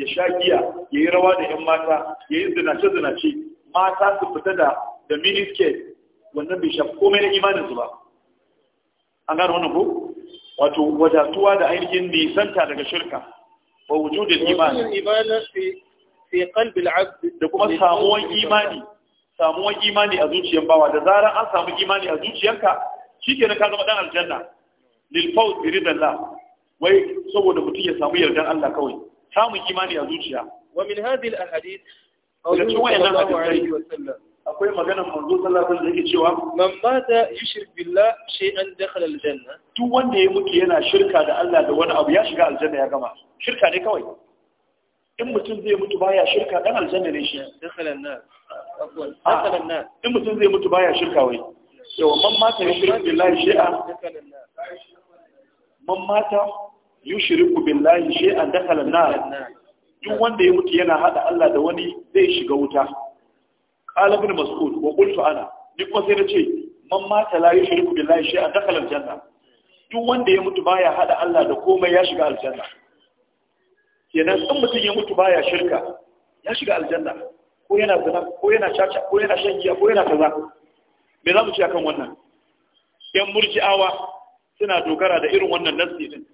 ya sha giya ya yi rawa da 'yan mata ya yi zinace-zinace mata su fita da da miniskirt wannan bai shafi komai na imaninsu ba an gano wannan ku? wato wadatuwa da ainihin nisanta daga shirka wa wujudin imani da kuma samuwan imani samuwan imani a zuciyan bawa da zarar an samu imani a zuciyanka. shi ke ka zama ɗan aljanna lilfaus la. wai saboda mutum ya samu yardan Allah kawai samun imani a zuciya wa min hadhihi al ahadith qawlu sallallahu alaihi wa sallam akwai maganar manzo sallallahu alaihi yake cewa man mata yushrik billah shay'an dakhala al janna duk wanda ya mutu yana shirka da Allah da wani abu ya shiga aljanna ya gama shirka ne kawai in mutum zai mutu baya shirka dan aljanna ne shi dakhala an-nar ah, dakhala an-nar in mutum zai mutu baya shirka wai yawa man mata yushrik billahi shay'an dakhala an-nar man mata yushriku billahi shay'an dakhala an-nar duk wanda ya mutu yana hada Allah da wani zai shiga wuta qala ibn mas'ud wa qultu ana duk ko sai ce man mata la yushriku billahi shay'an dakhala al-janna duk wanda ya mutu baya hada Allah da komai ya shiga aljanna kenan in mutum ya mutu baya shirka ya shiga aljanna ko yana zina ko yana caca ko yana shan giya ko yana kaza me za mu ci akan wannan yan murji'awa suna dogara da irin wannan nasi din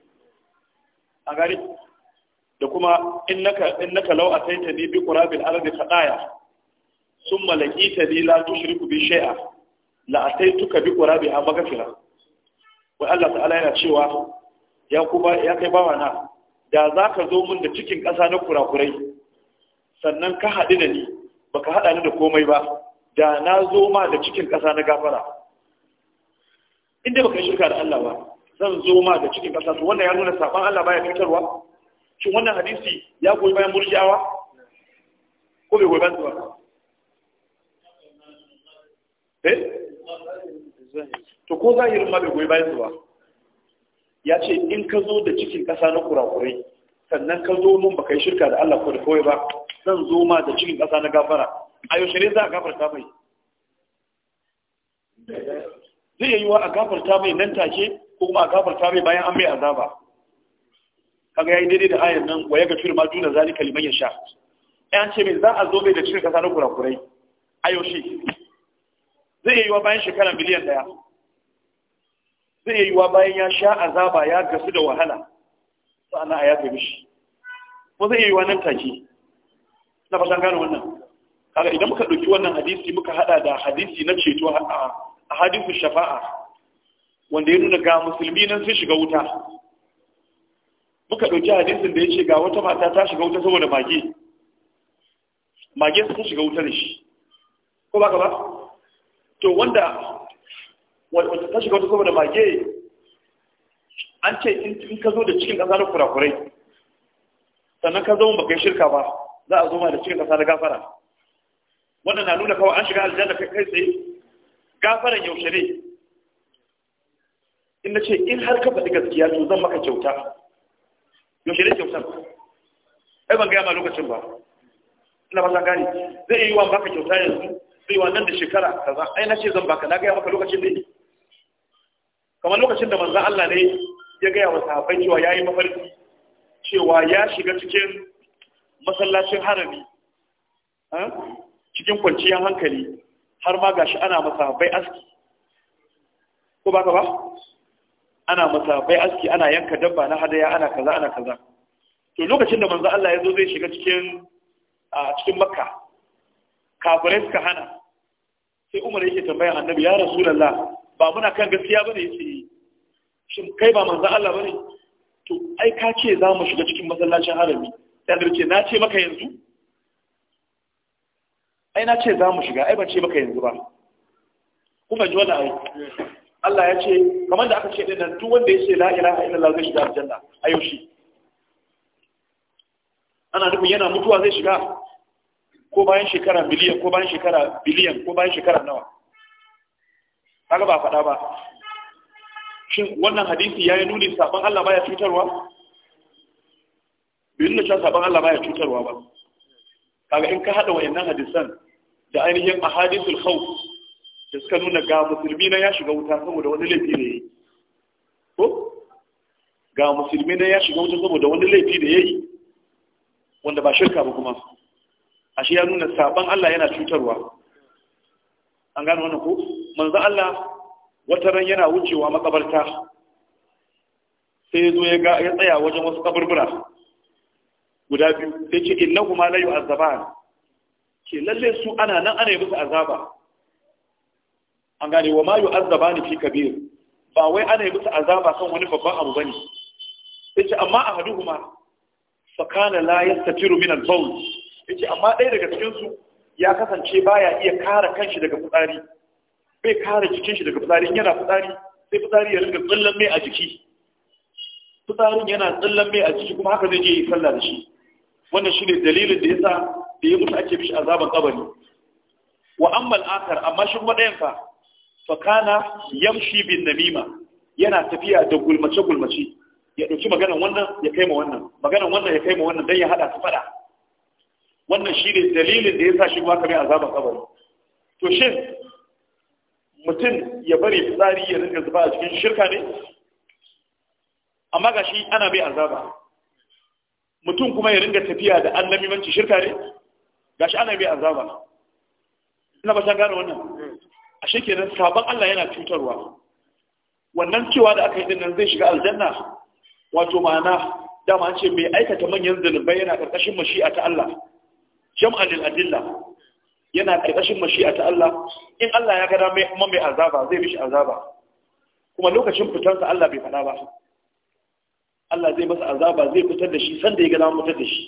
a gari da kuma innaka innaka law ataita ni bi qurabil ardi fadaya malaki ta li la tushriku bi shay'a la ataituka bi qurabiha magafira wai Allah ta'ala yana cewa ya kuma ya kai bawa na da zaka zo mun da cikin ƙasa na kurakurai sannan ka haɗu da ni baka haɗa ni da komai ba da na zo ma da cikin ƙasa na gafara inda baka shirka da Allah ba zan zo ma da cikin kasa to wannan ya nuna saban Allah baya fitarwa shin wannan hadisi ya goyi bayan murji'awa ko bai goyi bayan ba eh to ko zahirin ma bai goyi bayan ba ya ce in ka zo da cikin ƙasa na kurakurai sannan ka zo mun baka yi shirka da Allah ko da kawai ba zan zo ma da cikin ƙasa na gafara a yaushe ne za a gafarta mai zai yi wa a gafarta mai nan take ko kuma a gafarta mai bayan an mai azaba kaga yayi daidai da ayan nan wa yaga juna duna zalika liman yasha ai an ce mai za a zo mai da cire kasa na kurakurai ayo shi zai yi wa bayan shekara miliyan daya zai yi wa bayan ya sha azaba ya gasu da wahala sa'ana a ya fi mishi ko zai yi wa nan take na fasan gane wannan kaga idan muka dauki wannan hadisi muka hada da hadisi na ceto a hadisi shafa'a wanda ya nuna ga musulmi nan sun shiga wuta muka ɗauki hadisin da ya ce ga wata mata ta shiga wuta saboda mage mage sun shiga wuta da shi ko ba ka ba to wanda wanda ta shiga wuta saboda mage an ce in ka zo da cikin ƙasa na kurakurai sannan ka zo ba kai shirka ba za a zo ma da cikin ƙasa na gafara wannan na nuna kawai an shiga aljanna kai tsaye gafaran yaushe ne in na ce in har ka faɗi gaskiya to zan maka kyauta yaushe ne kyautan ai ban gaya ma lokacin ba ina ba gane zai yi wa baka kyauta yanzu zai wa nan da shekara kaza ai na ce zan baka na gaya maka lokacin da kamar lokacin da manzan Allah ne ya gaya wa sahabbai cewa yayi mafarki cewa ya shiga cikin masallacin harami cikin kwanciyar hankali har ma gashi ana masa bai aski ko baka ba ana bai aski ana yanka dabba na hadaya ana kaza ana kaza to lokacin da manzo Allah ya zo zai shiga cikin a cikin makka kafirai suka hana sai umar yake tambaya annabi ya rasulullah ba muna kan gaskiya bane yace shin kai ba manzo Allah bane to ai ka ce za mu shiga cikin masallacin harami sai da ce na ce maka yanzu ai na ce za mu shiga ai ban ce maka yanzu ba kuma ji wannan ai Allah ya ce kamar da aka ce dinnan duk wanda ya ce la ilaha illallah zai shiga aljanna a yau shi ana nufin yana mutuwa zai shiga ko bayan shekara biliyan ko bayan shekara biliyan ko bayan shekara nawa kaga ba faɗa ba shin wannan hadisi yayi nuni saban Allah baya cutarwa bin cewa saban Allah baya cutarwa ba kaga in ka hada wayannan hadisan da ainihin ahadithul khawf da suka nuna ga musulmi na ya shiga wuta saboda wani laifi da yayi ko ga musulmi na ya shiga wuta saboda wani laifi da yayi wanda ba shirka ba kuma ashe ya nuna saban Allah yana cutarwa an gano wannan ko manzo Allah wata ran yana wucewa makabarta sai ya zo ya ga ya tsaya wajen wasu kaburbura guda biyu sai ce kuma la yu'azzaban ke lalle su ana nan ana yi musu azaba an gane wa mayu azaba ne fi kabir ba wai ana yi musu azaba kan wani babban abu bane yace amma a ahaduhuma fa kana la yastatiru min al-bawl yace amma ɗaya daga cikin su ya kasance baya iya kare kanshi daga fitsari bai kare jikin shi daga fitsari yana fitsari sai fitsari ya rinka tsallan mai a jiki fitsarin yana tsallan mai a jiki kuma haka zai je yi sallah da shi wannan shine dalilin da yasa da ya mutu ake mishi azaban kabari wa amma al-akhar amma shi kuma ɗayan fa fakana yamshi bin namima yana tafiya da gulmace gulmace ya dauki maganar wannan ya kai ma wannan maganar wannan ya kai ma wannan dan ya hada su fada wannan shine dalilin da yasa shi kuma kamar azaba kabari to shin mutum ya bari fitsari ya rinka zuba a cikin shirka ne amma ga shi ana mai azaba mutum kuma ya rinka tafiya da annabimanci shirka ne ga shi ana mai azaba ina ba san gane wannan ashe kenan sabon Allah yana cutarwa wannan cewa da aka yi dinnan zai shiga aljanna wato ma'ana dama ce mai aikata manyan zunubai yana karkashin mashi'a ta Allah jam'an adilla yana karkashin mashi'a ta Allah in Allah ya gada da mai azaba zai mishi azaba kuma lokacin fitarsa Allah bai faɗa ba Allah zai masa azaba zai fitar da shi sanda ya gada dama fitar da shi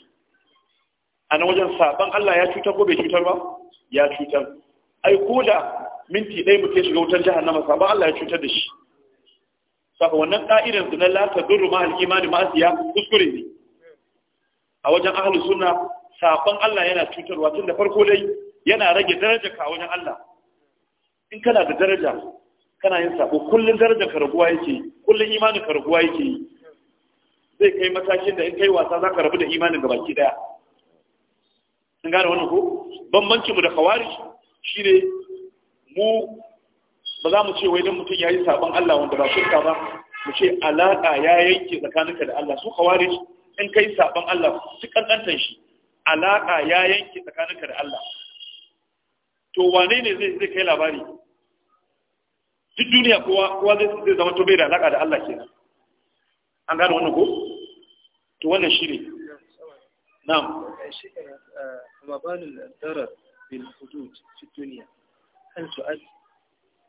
a nan wajen saban Allah ya cutar ko bai cutar ba ya cutar ai ko da minti ɗaya mutum shiga wutar jahannama sabon Allah ya cutar da shi saka wannan ƙa'idan su na la duru ma imanin imani ma asiya kuskure ne a wajen ahlus suna, sabon Allah yana cutarwa tun da farko dai yana rage daraja ka wajen Allah in kana da daraja kana yin sabo kullun daraja ka raguwa yake kullun imanin ka raguwa yake zai kai matakin da in kai wasa za ka rabu da imanin ga baki daya sun gane wannan ko bambancin mu da khawarij shine mu ba za mu ce wai dan mutum ya yi sabon Allah wanda ba shirka ba mu ce alaƙa ya yanke tsakaninka da Allah su kawari in ka yi sabon Allah su kankantan shi alaƙa ya yanke tsakaninka da Allah to wane ne zai zai kai labari duk duniya kowa kowa zai zai zama to bai da alaƙa da Allah kenan an gane wannan ko to wannan shine na'am kuma eh, banin darar bil hudud fi duniya السؤال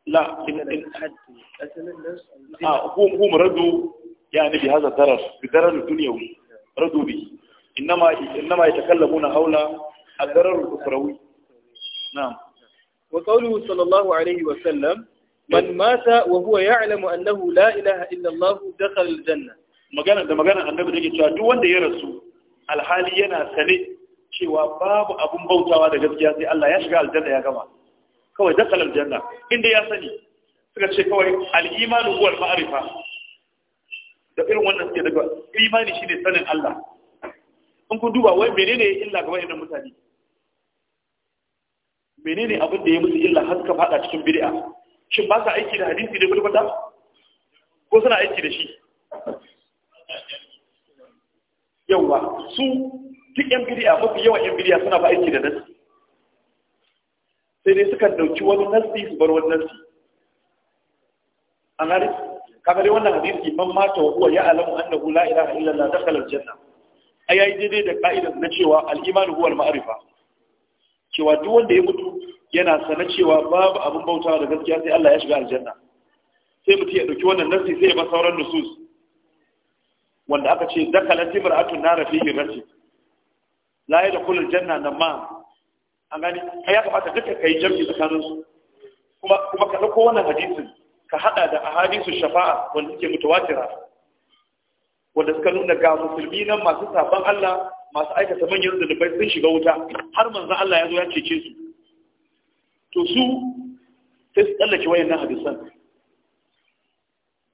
لا الحد هم ردوا يعني بهذا الضرر بضرر الدنيوي ردوا به إنما إنما يتكلمون حول الضرر الأخروي نعم وقوله صلى الله عليه وسلم من مات وهو يعلم أنه لا إله إلا الله دخل الجنة magana da magana annabi take cewa duk wanda ya rasu alhali yana sane cewa babu abun bautawa da gaskiya sai Allah ya shiga aljanna ya gama kawai dakal aljanna inda ya sani suka ce kawai al-imanu huwa al-ma'rifa da irin wannan suke daga imani shine sanin Allah in kun duba wai menene illa ga wayannan mutane menene abin da ya musu illa har suka fada cikin bid'a shin ba sa aiki da hadisi da gurgurda ko suna aiki da shi yawa su duk yan bid'a mafi yawan yan bid'a suna ba aiki da nasu sai dai sukan dauki wani nasi su bar wani nasi amma hari kaga dai wannan hadisi man mata wa huwa ya'lamu annahu la ilaha illa Allah dakhala al-janna ai yayi daidai da ka'idar na cewa al-iman huwa al-ma'rifa cewa duk wanda ya mutu yana sana cewa babu abin bautawa da gaskiya sai Allah ya shiga aljanna sai mutum ya dauki wannan nasi sai ya bar sauran nusus wanda aka ce dakala timra'atun nara fihi rajul la yadkhulul janna namma an gani kai ya kamata duka ka yi jam'i tsakaninsu. kuma ka ɗauko wannan hadisin ka haɗa da a ahadisu shafa'a wanda suke mutawatira wanda suka nuna ga musulmi nan masu sabon Allah masu aikata manyan zunubai sun shiga wuta har manzon Allah ya zo ya cece su to su sai su tsallake wayannan hadisan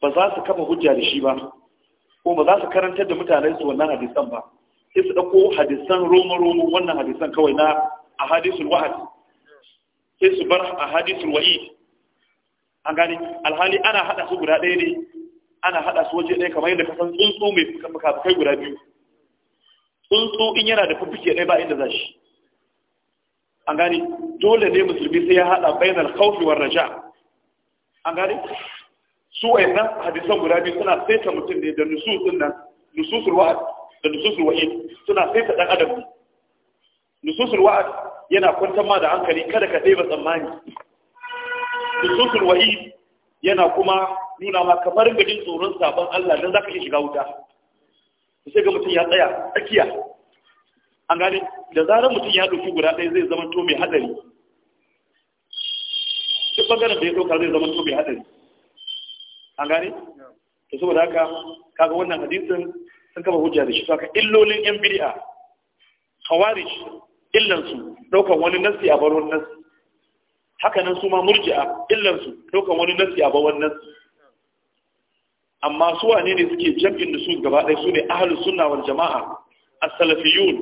ba za su kafa hujja da shi ba ko ba za su karantar da mutanen su wannan hadisan ba sai su dauko hadisan romo romo wannan hadisan kawai na a hadisul wahad sai su bar a hadisul wa'id an gani alhali ana hada su guda ɗaya ne ana hada su waje ɗaya kamar yadda ka san tsuntsu mai fukafukai guda biyu tsuntsu in yana da fuffuke ɗaya ba inda za shi an gani dole ne musulmi sai ya hada bainar khawfi wa raja an gani su wayannan hadisan guda biyu suna saita mutum ne da nususun nan nususul wa'ad da nususul wa'id suna saita dan adam ne nususul wa'ad yana kwantar ma da hankali kada ka ɗeba tsammani nususul wa'id yana kuma nuna ma kamar gajin tsoron sabon Allah dan za ka iya shiga wuta sai ga mutum ya tsaya tsakiya an gane da zarar mutum ya ɗauki guda ɗaya zai zama to mai hadari duk bangaren da ya ɗauka zai zama to mai hadari an gane to saboda haka kaga wannan hadisin sun kafa hujja da shi saka illolin yan bid'a khawarij illansu ɗaukan wani nassi a baron nassi haka nan su ma murji'a illansu ɗaukan wani nassi a baron nassi amma su wane ne suke jam'in da su gaba ɗaya su ne ahalus sunna wal jama'a as-salafiyun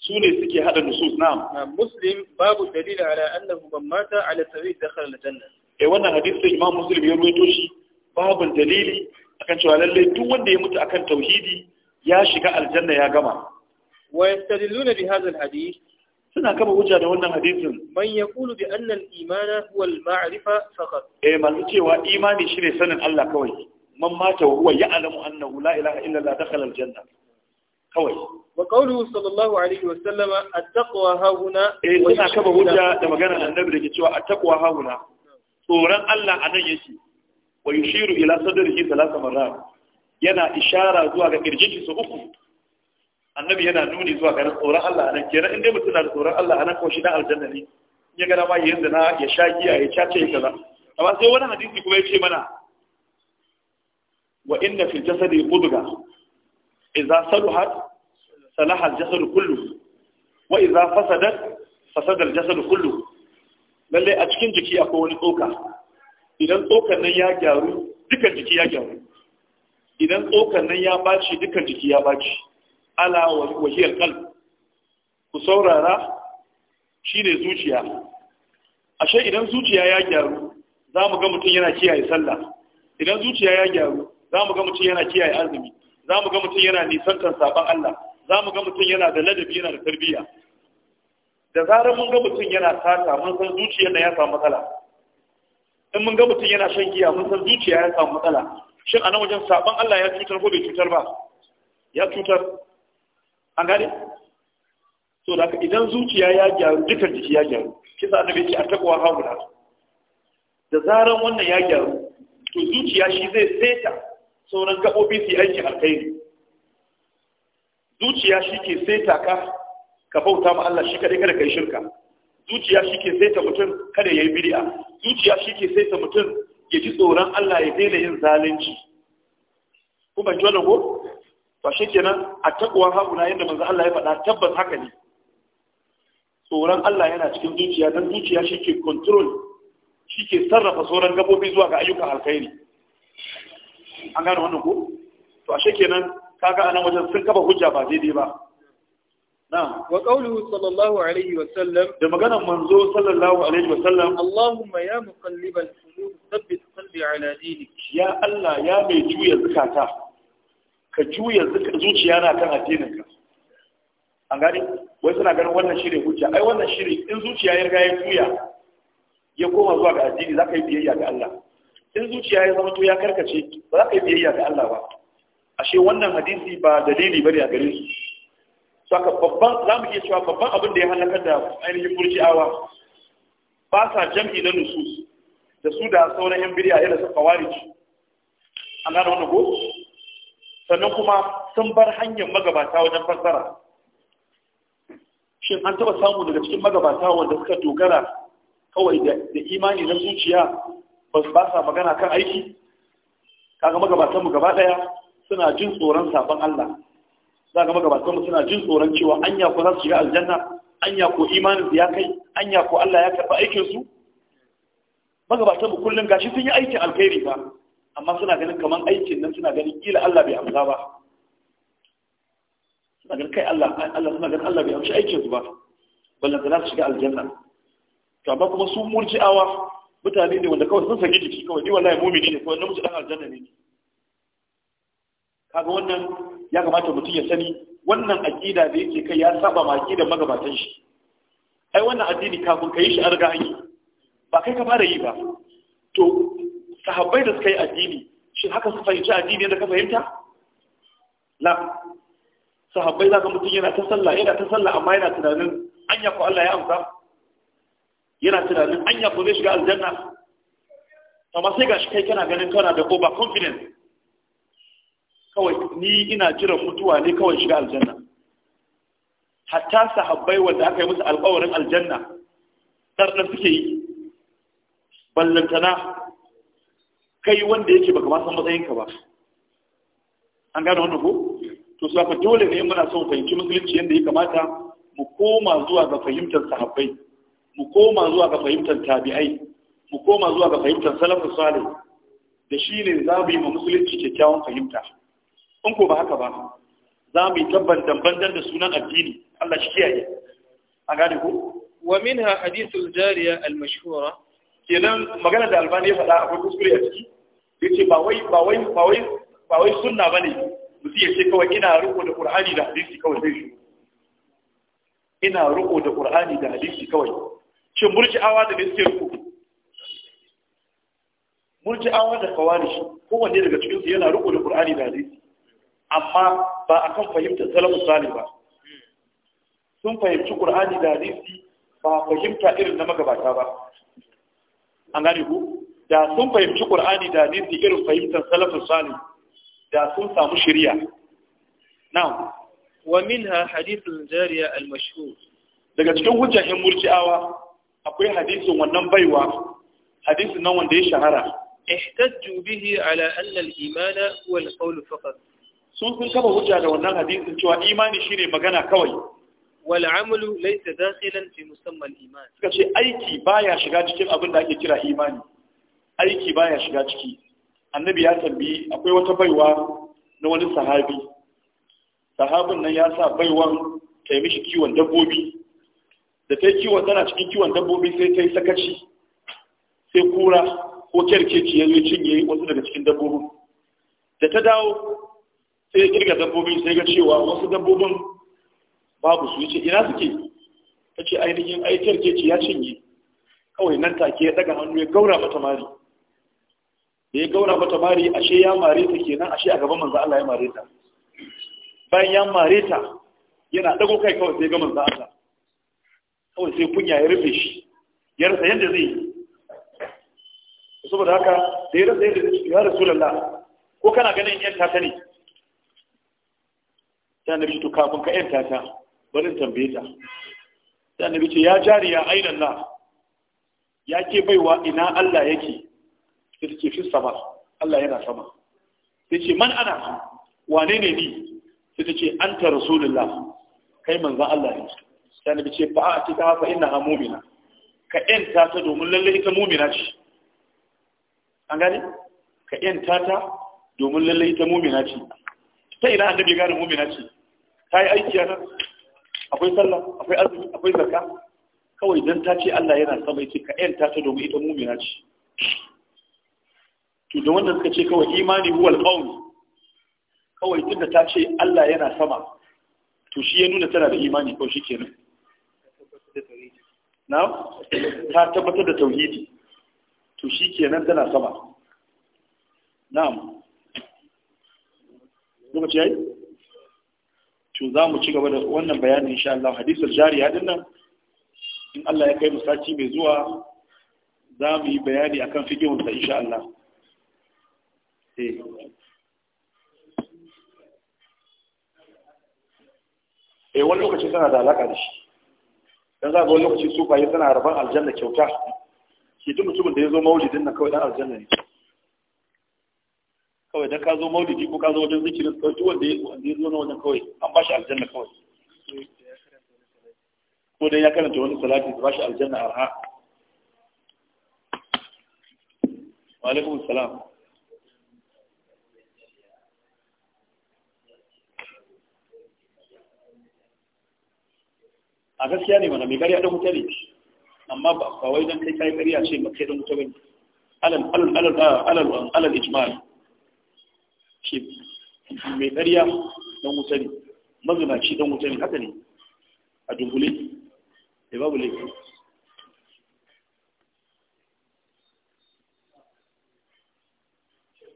su ne suke hada nusus na muslim babu dalil ala annahu man mata ala sawi dakhala al-janna eh wannan hadisi da imam muslim ya rawaito shi babu dalili akan cewa lalle duk wanda ya mutu akan tauhidi ya shiga aljanna ya gama wa yastadilluna bi hadha alhadith suna kama hujja da wannan hadisin man yaqulu bi anna al-imana huwa al-ma'rifa faqat eh masu cewa imani shine sanin Allah kawai man mata huwa ya'lamu annahu la ilaha illa Allah dakhala al-janna kawai wa qawluhu sallallahu alaihi wa sallam at-taqwa hauna eh suna kama hujja da maganar annabi da ke cewa at-taqwa hauna tsoron Allah anan yake wa yushiru ila sadrihi thalath marrat yana ishara zuwa ga kirjinsa uku annabi yana nuni zuwa ga tsoron Allah nan kenan inda mutum na da tsoron Allah nan ko shi na aljanna ne ya ga ma yayin da na ya sha giya ya cace ya kaza amma sai wani hadisi kuma ya ce mana wa inna fil jasadi mudga idza salaha salaha al jasad kullu wa idza fasada fasada al jasad kullu lalle a cikin jiki akwai wani tsoka idan tsokan nan ya gyaru dukan jiki ya gyaru idan tsokan nan ya baci dukan jiki ya baci ala wa hiyal ku saurara shi ne zuciya ashe idan zuciya ya gyaru za mu ga mutum yana kiyaye sallah idan zuciya ya gyaru za mu ga mutum yana kiyaye azumi za mu ga mutum yana nisantar sabon Allah za mu ga mutum yana da ladabi yana da tarbiyya da zarar mun ga mutum yana sata mun san zuciyar da ya samu matsala in mun ga mutum yana shan giya mun san zuciya ya samu matsala shin a nan wajen sabon Allah ya cutar ko bai cutar ba ya cutar an gane so da idan zuciya ya gyaru dukkan jiki ya gyaru kisa annabi ce a takwa haula da zaran wannan ya gyaru to zuciya shi zai seta sauran gabobi su aiki alkhairi zuciya shi ke seta ka ka bauta ma Allah shi kadai kada kai shirka zuciya shi ke saita mutum kada ya yi bid'a zuciya shi ke saita mutum ya ji tsoron Allah ya daina yin zalunci kuma jona wannan ko ba shi kenan a takwa hauna yadda manzo Allah ya faɗa tabbas haka ne tsoron Allah yana cikin zuciya don zuciya shi ke control shi ke sarrafa sauran gabobi zuwa ga ayyukan alkhairi an gano wannan ko to a kenan kaga anan wajen sun kafa hujja ba daidai ba na wa qawluhu sallallahu alaihi wa sallam da maganar manzo sallallahu alaihi wa sallam Allahumma ya muqallibal qulub thabbit qalbi ala dinik ya Allah ya mai juya zakata ka juya zuciya na kan addinin ka an gani wai suna ganin wannan shirin hujja ai wannan shirin. in zuciya ya riga ya juya ya koma zuwa ga addini za ka yi biyayya ga Allah in zuciya ya zama to ya karkace ba za ka yi biyayya ga Allah ba ashe wannan hadisi ba dalili bane a gare su saka babban za mu iya cewa babban abin da ya halaka da ainihin murji'awa ba sa jam'i na nusus da su da sauran yan biriya irin su kawarici an gane wannan ko sannan kuma sun bar hanyar magabata wajen fassara shin an taɓa samu daga cikin magabata wanda suka dogara kawai da imani na zuciya ba su ba sa magana kan aiki kaga mu gaba ɗaya suna jin tsoron sabon Allah za magabatan mu suna jin tsoron cewa anya ko za su shiga aljanna anya ko imanin su ya kai anya ko Allah ya karɓi aikinsu mu kullum gashi sun yi aikin alkhairi ba amma suna ganin kamar aikin nan suna ganin kila Allah bai amsa ba suna ganin kai Allah Allah suna ganin Allah bai amshi aikin su ba Balla da za su shiga aljanna to amma kuma su murji'awa mutane ne wanda kawai sun saki jiki kawai ni wallahi mu'mini ne kawai namiji dan aljanna ne kaga wannan ya kamata mutum ya sani wannan aqida da yake kai ya saba ma aqidar magabatan shi ai wannan addini kafin kai shi an riga an yi ba kai ka fara yi ba to sahabbai da suka yi addini shi haka su fahimci addini da ka fahimta la sahabbai za ka mutum yana ta sallah yana ta sallah amma yana tunanin anya ko Allah ya amsa yana tunanin anya ko zai shiga aljanna amma sai gashi kai kana ganin kana da over confidence kawai ni ina jiran mutuwa ne kawai shiga aljanna hatta sahabbai wanda aka yi musu alƙawarin aljanna ɗarɗar suke yi ballantana kai wanda yake baka ma san matsayinka ba an gane wannan ko to sai ka dole ne muna son fahimci musulunci yadda ya kamata mu koma zuwa ga fahimtar sahabbai mu koma zuwa ga fahimtar tabi'ai mu koma zuwa ga fahimtar salafus salih da shi ne za mu yi ma musulunci kyakkyawan fahimta in ko ba haka ba za mu yi tabban dambandan da sunan addini Allah shi kiyaye an gane ko wa minha hadithul jariya al mashhura kenan magana da albani ya faɗa akwai kuskure a ciki yace ba wai ba wai ba wai ba wai sunna bane mutum ya ce kawai ina riko da qur'ani da hadisi kawai zai shi ina riko da qur'ani da hadisi kawai shin murji'awa da me suke riko murji'awa da kawarishi kowanne daga cikin su yana riko da qur'ani da hadisi amma ba akan fahimtar Salamu salih ba sun fahimci qur'ani da hadisi ba fahimta irin na magabata ba an gane ku da sun fahimci qur'ani da hadisi irin fahimtar salafin salih da sun samu shiriya na'am wa minha hadithul jariya al-mashhur daga cikin hujjahin murji'awa akwai hadisin wannan baiwa hadisin nan wanda ya shahara ihtajju bihi ala anna al-iman huwa al-qawl faqat sun sun kaba hujja da wannan hadisin cewa imani shine magana kawai wal amalu laysa dakhilan fi musamma al-iman suka ce aiki baya shiga cikin abin da ake kira imani aiki baya shiga ciki annabi ya tambayi akwai wata baiwa na wani sahabi sahabin nan ya sa baiwan ta yi mishi kiwon dabbobi da ta yi kiwon tana cikin kiwon dabbobi sai ta yi sakaci sai kura ko kyarkeci ya zo cinye wasu daga cikin dabbobin da ta dawo sai ya kirga dabbobi sai ga cewa wasu dabbobin babu su ce ina suke ta ce ainihin ai kyarkeci ya cinye kawai nan take ya daga hannu ya gaura mata mari da ya gauna mata mari ashe ya mare ta kenan ashe a gaban manzo Allah ya mare ta bayan ya mare ta yana dago kai kawai sai ga manzo Allah kawai sai kunya ya rufe shi ya rasa yadda zai yi saboda haka da ya rasa yadda ya rasulullah ko kana ganin yan tata ne ta nabi to kafin ka yan tata bari in tambaye ta ta nabi ce ya jariya aidan na. ya ke baiwa ina Allah yake da ta ce fi sama Allah yana sama sai ce man ana wane ne ni sai ta ce anta rasulullah kai manzan Allah ne sai nabi ce fa a tika hafa inna ha mu'mina ka yanta ta domin lalle ita mu'mina ce an gane ka yanta ta domin lalle ita mu'mina ce ta ina annabi ya gane mu'mina ce ta yi aiki a nan akwai sallah akwai azumi akwai zakka kawai dan ta ce Allah yana sama ce ka yanta ta domin ita mu'mina ce to da wanda suka ce kawai imani huwal qawl kawai tunda ta ce Allah yana sama to shi ya nuna tana da imani ko shi kenan Na? ta tabbatar da tauhidi to shi kenan tana sama na'am kuma ce to za mu ci gaba da wannan bayanin insha Allah hadisul jariya din nan in Allah ya kai mu sati mai zuwa za mu yi bayani akan fikihunsa insha Allah Sí. E wani lokaci tana da alaƙa da shi. Don za ga wani lokaci su sufaye tana rabon aljanna kyauta. Shi duk mutumin da ya zo maulidin nan kawai dan aljanna ne. Kawai don ka zo maulidi ko ka zo wajen zikirin kawai duk wanda ya zo na wajen kawai an ba shi aljanna kawai. Ko dai ya karanta wani salati ba shi aljanna arha. Wa alaikum salam. a gaskiya ne mana mai ƙarya ɗan wuta ne amma ba wai don kai kai ƙarya ce ba kai ɗan wuta ba ne alal ah, ijmal shi mai ƙarya ɗan wuta ne mazinaci ɗan wuta ne haka ne a dunkule da eh, babu laifi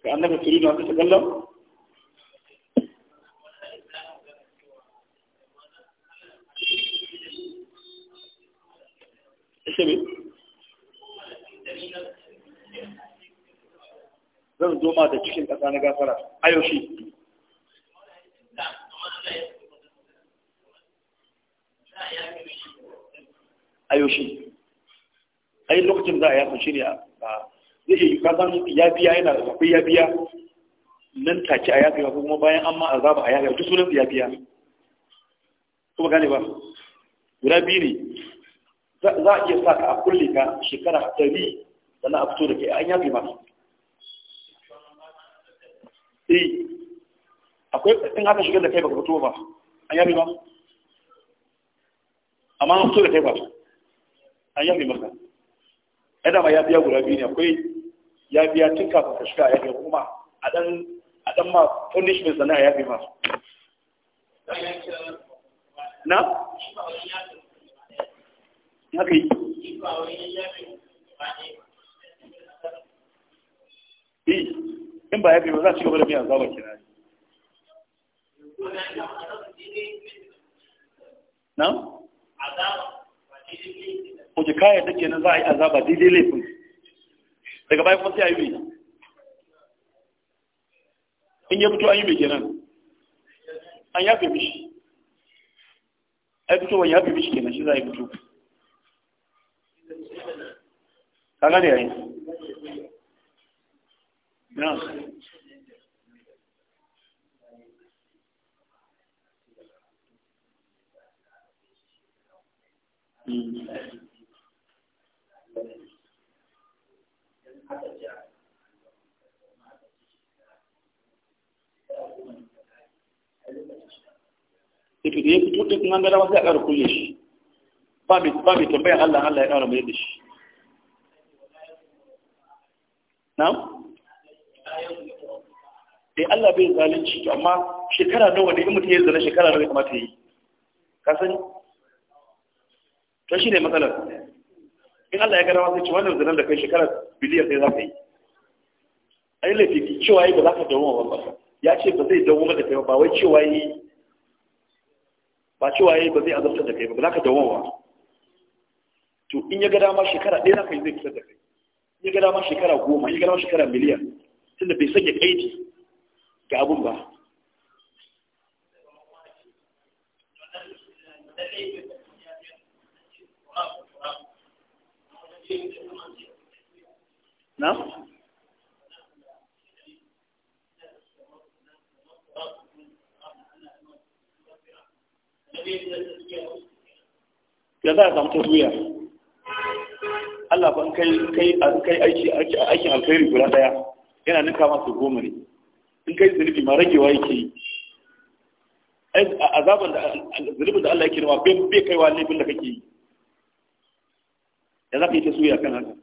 ka annaka turidu an ta kallon ishe ne zan zo ma da cikin ƙasa na gafara Ayoshi, ayoshi a lokacin za a yafa shi ne a zai yi kasan ya biya yana da zafi ya biya nan take a yafi kuma bayan an ma zaba a yafi duk sunan ya biya kuma gane ba guda biyu ne za a iya sa ka a kulle ka shekara ɗari sannan a fito da kai an yafe ma eh akwai in haka shigar da kai baka fito ba an yafe ma amma an fito da kai ba an yafe maka ai dama ya biya guda biyu ne akwai ya biya tun kafin ka shiga a yafe kuma a dan a dan ma punishment sannan a yafe ma na haka yi in ba ya fi ba za a ci gaba da biyan zaba kina na? Oke kayan da nan za a yi azaba daidai laifin daga bayan kuma sai a yi mai in ya fito an yi mai kenan an yafe mishi ai fitowar yafe mishi kenan shi za a yi fito ka gane na Ito eh, da ya fito duk nan gara a ƙara kulle shi, ba mai tambayin Allah Allah ya ƙara mai da shi. na'am eh Allah bai zalunci to amma shekara nawa ne in mutum ya zana shekara nawa ya kamata yi ka sani to shi ne matsalar in Allah ya gana wasu ci wannan zanen da kai shekara biliyar sai za ka yi ai laifi cewa yi ba za ka dawo ba ya ce ba zai dawo da kai ba wai cewa yi ba cewa yi ba zai azabtar da kai ba ba za ka dawo ba to in ya ga dama shekara ɗaya za ka yi zai kusa da kai ya gada ma shekara goma ya gada ma shekara miliyan tunda bai sanya kaidi ga abun ba na? ya za a samu ta Allah ban kai kai kai aiki aiki alkhairi guda daya yana nuka masa goma ne in kai zunubi ma ragewa yake yi azaban da zunubin da Allah yake nawa bai kaiwa laifin da kake yi da za ta suya kan haka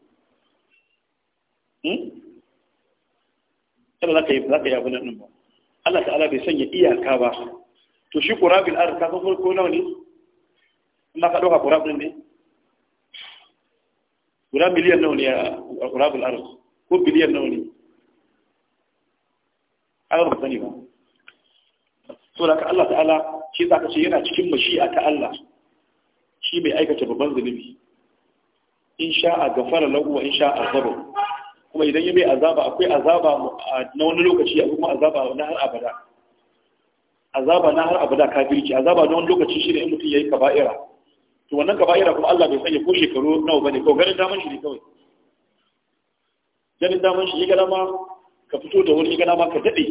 kada hmm? za ka yi za ka yi abu nan ba Allah ta'ala bai sanya iyaka ba to shi qurabil ard ka ko nawa ne in ka doka qurabil ne guda miliyan nawa ne a ƙurabul arz ko biliyan nawa ne an ba sani ba saboda ka Allah ta'ala shi za ka ce yana cikin mashi'a ta Allah shi mai aikata babban zunubi in sha a gafara lahu wa in sha a zaba kuma idan ya mai azaba akwai azaba na wani lokaci akwai kuma azaba na har abada azaba na har abada kafirci azaba na wani lokaci shi ne in mutum ya yi kaba'ira to wannan kaba'ira kuma Allah bai sanya ko shekaru nawa bane ko ganin daman shi ne kawai ganin daman shi ga ma ka fito da wani ga ma ka daɗe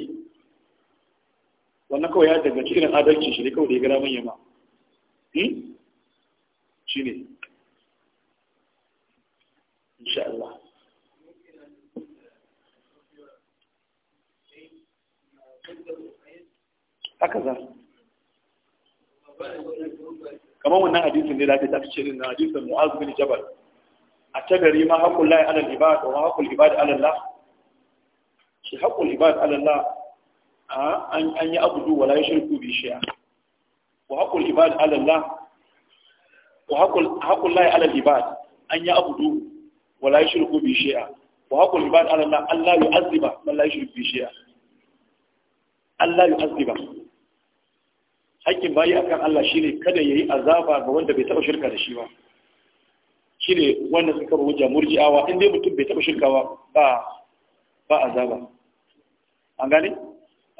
wannan kawai ya daga irin adalci shi ne kawai da ya gana yamma. ma hmm? shi ne insha Allah haka za kamar wannan hadisin ne da ake tafi cikin na hadisin mu'az bin jabal a tagari ma haqqul lahi ala al-ibad wa haqqul ibad ala Allah shi haqqul ibad ala Allah an an yi abudu wa la yushriku bi shay'a wa haqqul ibad ala Allah wa haqqul haqqul lahi ala al-ibad an yi abudu wa la yushriku bi shay'a wa haqqul ibad ala Allah an la yu'azziba man la yushriku bi shay'a Allah yu'azziba haƙƙin bayi akan Allah shine kada yayi azaba ga wanda bai taɓa shirka da shi ba shine wanda suka rubu jamurji'awa in dai mutum bai taɓa shirka ba ba azaba an gane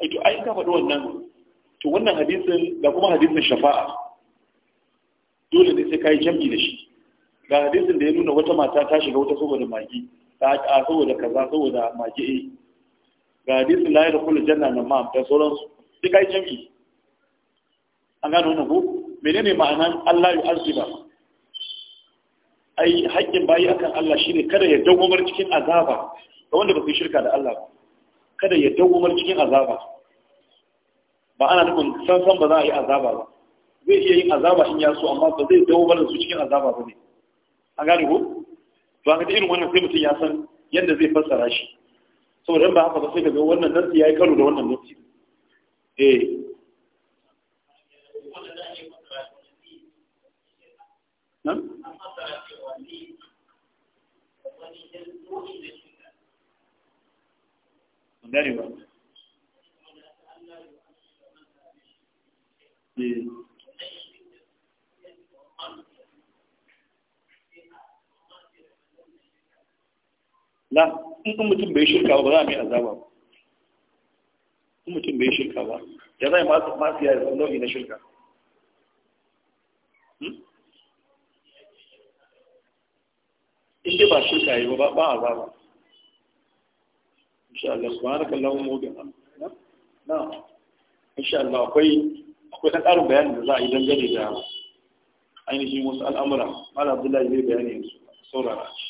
ai to ai ka faɗi wannan to wannan hadisin da kuma hadisin shafa'a dole ne sai kai jam'i da shi ga hadisin da ya nuna wata mata ta shiga wata saboda magi ta a saboda kaza saboda magi eh. ga hadisin la kula janna nan ma da sauransu sai kai jam'i an gano wannan ko menene ma'anan Allah ya azziba ai haƙƙin bayi akan Allah shine kada ya dawomar cikin azaba ga wanda ba su shirka da Allah kada ya dawomar cikin azaba ba ana nufin san san ba za a yi azaba ba zai iya yin azaba in ya so amma ba zai dawomar su cikin azaba ba ne an gane ko to an ga irin wannan sai mutum ya san yadda zai fassara shi saboda ba haka ba sai ka ga wannan nasi yayi karo da wannan nasi eh ba na in mutum bai shirka ba za a mai azaba ba in mutum bai shirka ba da zai masu masu yaya nau'i na shirka in ba shirka yi ba ba azaba insha Allah subhanaka allahumma wa bihamdika na insha Allah akwai akwai dan ƙarin bayani da za a yi dangane da ainihin wasu al'amura mala abdullahi zai bayani yanzu saurara shi